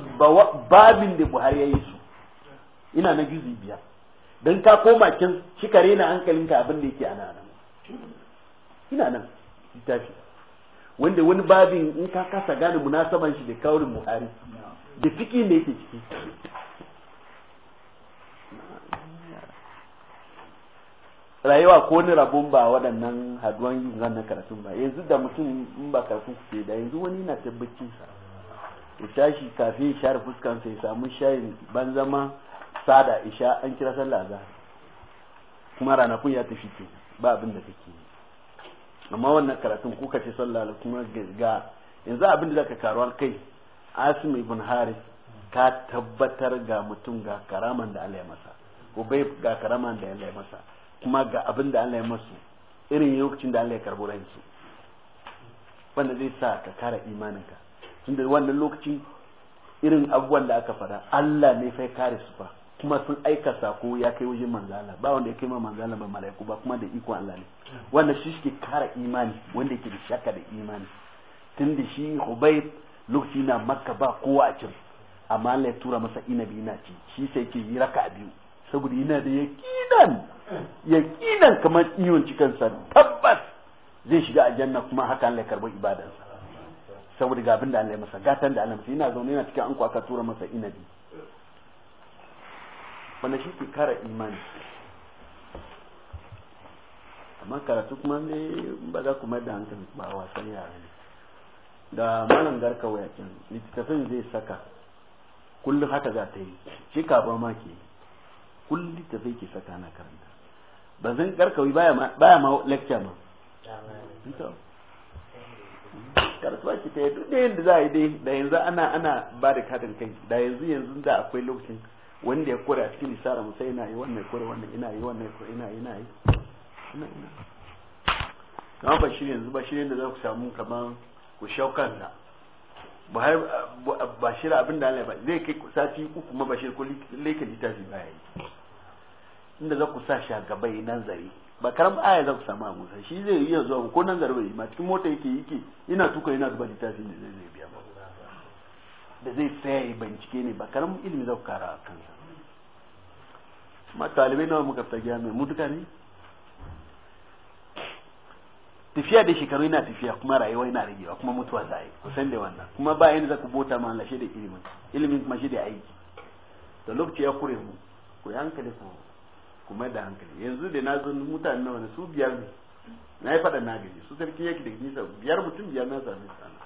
babin da buhari ya yi su ina na gizi biyar don ka koma can cika rena hankalinka abin da yake a nan ina nan littafi wanda wani babin in ka kasa gane munasaban shi da kaurin ari da fiki da yake ciki rayuwa ko ni rabon ba waɗannan haduwan yin na karatun ba yanzu da mutum in ba karatun ku da yanzu wani na tabbacin sa ya tashi kafin ya share fuskansa ya samu shayin ban zama sada isha an kira sallah za kuma kun ya tafi ke ba abin da kake yi amma wannan karatun kuka ce sallah kuma ga yanzu abin da zaka karuwa kai asim ibn haris ka tabbatar ga mutum ga karaman da Allah ya masa bai ga karaman da Allah ya masa kuma ga abin da Allah ya masa irin lokacin da Allah ya karbo ransu wanda zai sa ka kara imaninka tunda wannan lokaci irin abubuwan da aka fara Allah ne fai kare su fa kuma sun aika sako ya kai wajen manzala ba wanda ya kai ma manzala ba mala'iku ba kuma da iko Allah ne wanda shi shi kara imani wanda yake da shaka da imani tun da shi Hubayb lokaci na Makka ba kowa a can amma Allah ya tura masa inabi na ci shi sai yake yi raka biyu saboda yana da yakinan yakinan kamar iyon cikin sa tabbas zai shiga aljanna kuma haka Allah ya karbi ibadansa saboda ga abin da Allah ya masa gatan da Allah ya masa yana zaune yana cikin an kwaka tura masa inabi wanda shi ke kara imani amma karatu kuma ne ba za ku mai da hankali ba wasan yare ne da malam garka wayakin littattafin zai saka kullum haka za ta yi shi kaba ma ke kullum littattafai ke saka na karanta ba zan wai baya ma lecture ma karatu ba shi ta yi duk da yadda za a yi dai da yanzu ana ana ba da katin kai da yanzu yanzu da akwai lokacin wanda ya kore a cikin isara musa ina yi wannan kore wannan ina yi wannan kore ina yi ina yi ina yi na ba shi yanzu ba shi ne da za ku samu kamar ku shaukan da ba shi abin da Allah ba zai kai sati uku kuma shi ko leke littafi baya yi inda za ku sa shi a gaba yi nan zare ba karam aya za ku samu a musa shi zai yi yanzu ko nan zare ba yi ma cikin mota yake yake ina tuka yana zuba littafi ne zai zai da zai tsaya yi bincike ne ba karamin ilimi za ku kara a kansa ma talibai nawa muka fita gida mai mutuka ne tafiya da shekaru yana tafiya kuma rayuwa yana ragewa kuma mutuwa za a yi kusan da wannan kuma ba yanda za ku bota ma Allah shi da ilimin ilimin kuma shi da aiki da lokaci ya kure mu ku yi hankali ku kuma da hankali yanzu da na zo mutane nawa su biyar ne na yi faɗa na gaji su sarki yake da nisa biyar mutum biyar na same sana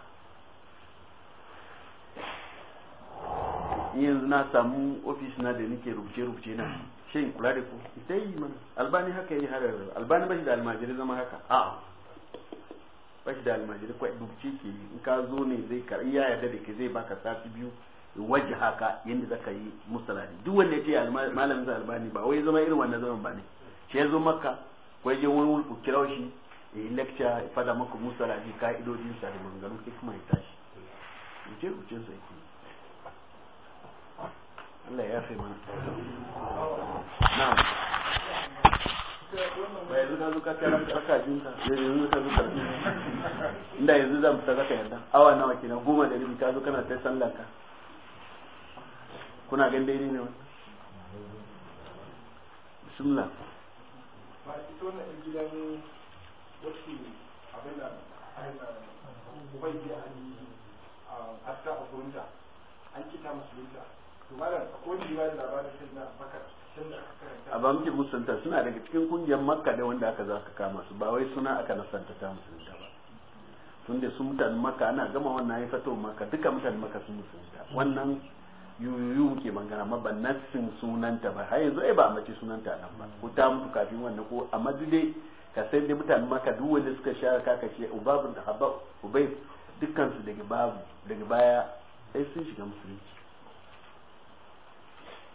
yanzu na samu ofis na da nake rubuce rubuce na shin kula da ku sai yi mana albani haka yi har albani bashi da almajiri zama haka a bashi da almajiri kwa rubuce ke yi in ka zo ne zai karbi ya yarda da ke zai baka sati biyu waje haka yadda zaka yi musalari duk wanda ya ce malamin sa albani ba wai zama irin wannan zaman ba ne shi ya zo maka kwai je wani wulku kira shi yi lecture ya fada maka musalari sa da maganganun kuma ya tashi rubuce rubucen sa yake Allah ya اخي mana نعم ba yanzu ka zo ka tara ka jinka zai yanzu ka zo ka inda yanzu zan fita zaka yarda awa nawa kenan goma da rabi zo kana ta sallar ka kuna gan daidai ne wannan bismillah ba ita wannan ɗan gidan wacce abin da ubai biya a aska a gurinta an kita musulunta a ba muke musanta suna daga cikin kungiyar makka da wanda aka za ka kama su ba wai suna aka nasanta ta musulunta ba tun da su mutanen makka ana gama wannan ya fito makka duka mutanen makka sun musulunta wannan yuyu ke magana ma ba nassin sunanta ba har yanzu ai ba mace sunanta nan ba ko ta mutu kafin wannan ko a dai ka sai da mutanen makka duk wanda suka share kaka ce ubabun da habab ubay dukkan su daga babu daga baya sai sun shiga musulunci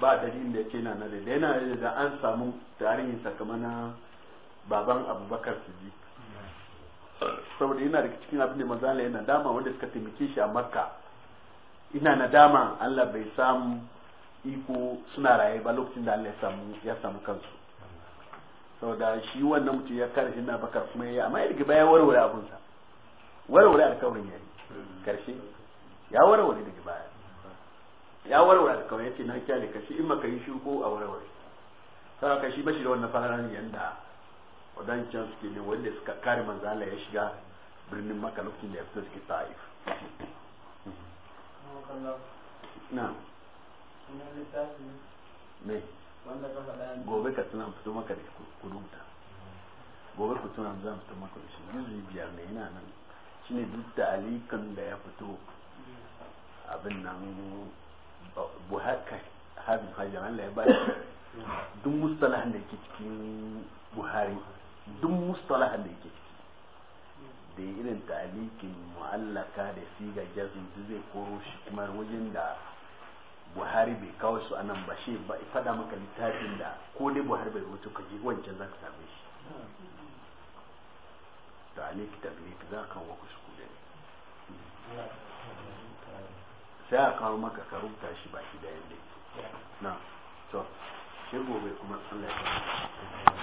ba dalilin da yake na na da yana da an samu tarihin sakamana baban abubakar siddiq saboda yana da cikin abin da manzala yana dama wanda suka taimake shi a makka ina nadama Allah bai samu iko suna raye ba lokacin da Allah ya samu ya samu kansu saboda shi wannan mutum ya kare shi na bakar kuma ya amma ya riga bayan warware abunsa warware alkawarin yi karshe ya warware daga baya ya warware kawai yace na kyale ka shi in maka yi shuko a warware sai ka shi bashi da wannan fararen yanda wadancan suke ne wanda suka kare manzo Allah ya shiga birnin maka lokacin da ya fito suke Taif na me gobe ka tuna fito maka da ku rubuta gobe ku tuna zan fito maka da shi yanzu biyar ne yana nan shine duk da alikan da ya fito abin nan buhari hafin hajjar Allah ya bada duk mustalahan da ke cikin buhari duk mustalahan da ke ciki da irin talikin mu'allaka da siga jazin zai koro shi kuma wajen da buhari bai kawo su anan ba shi ba fada maka littafin da ko dai buhari bai rubuta ka je wancan zaka same shi talik tablik zaka wa kuskure sai a kawo maka ka rubuta shi baki da yanda na to shi gobe kuma Allah ya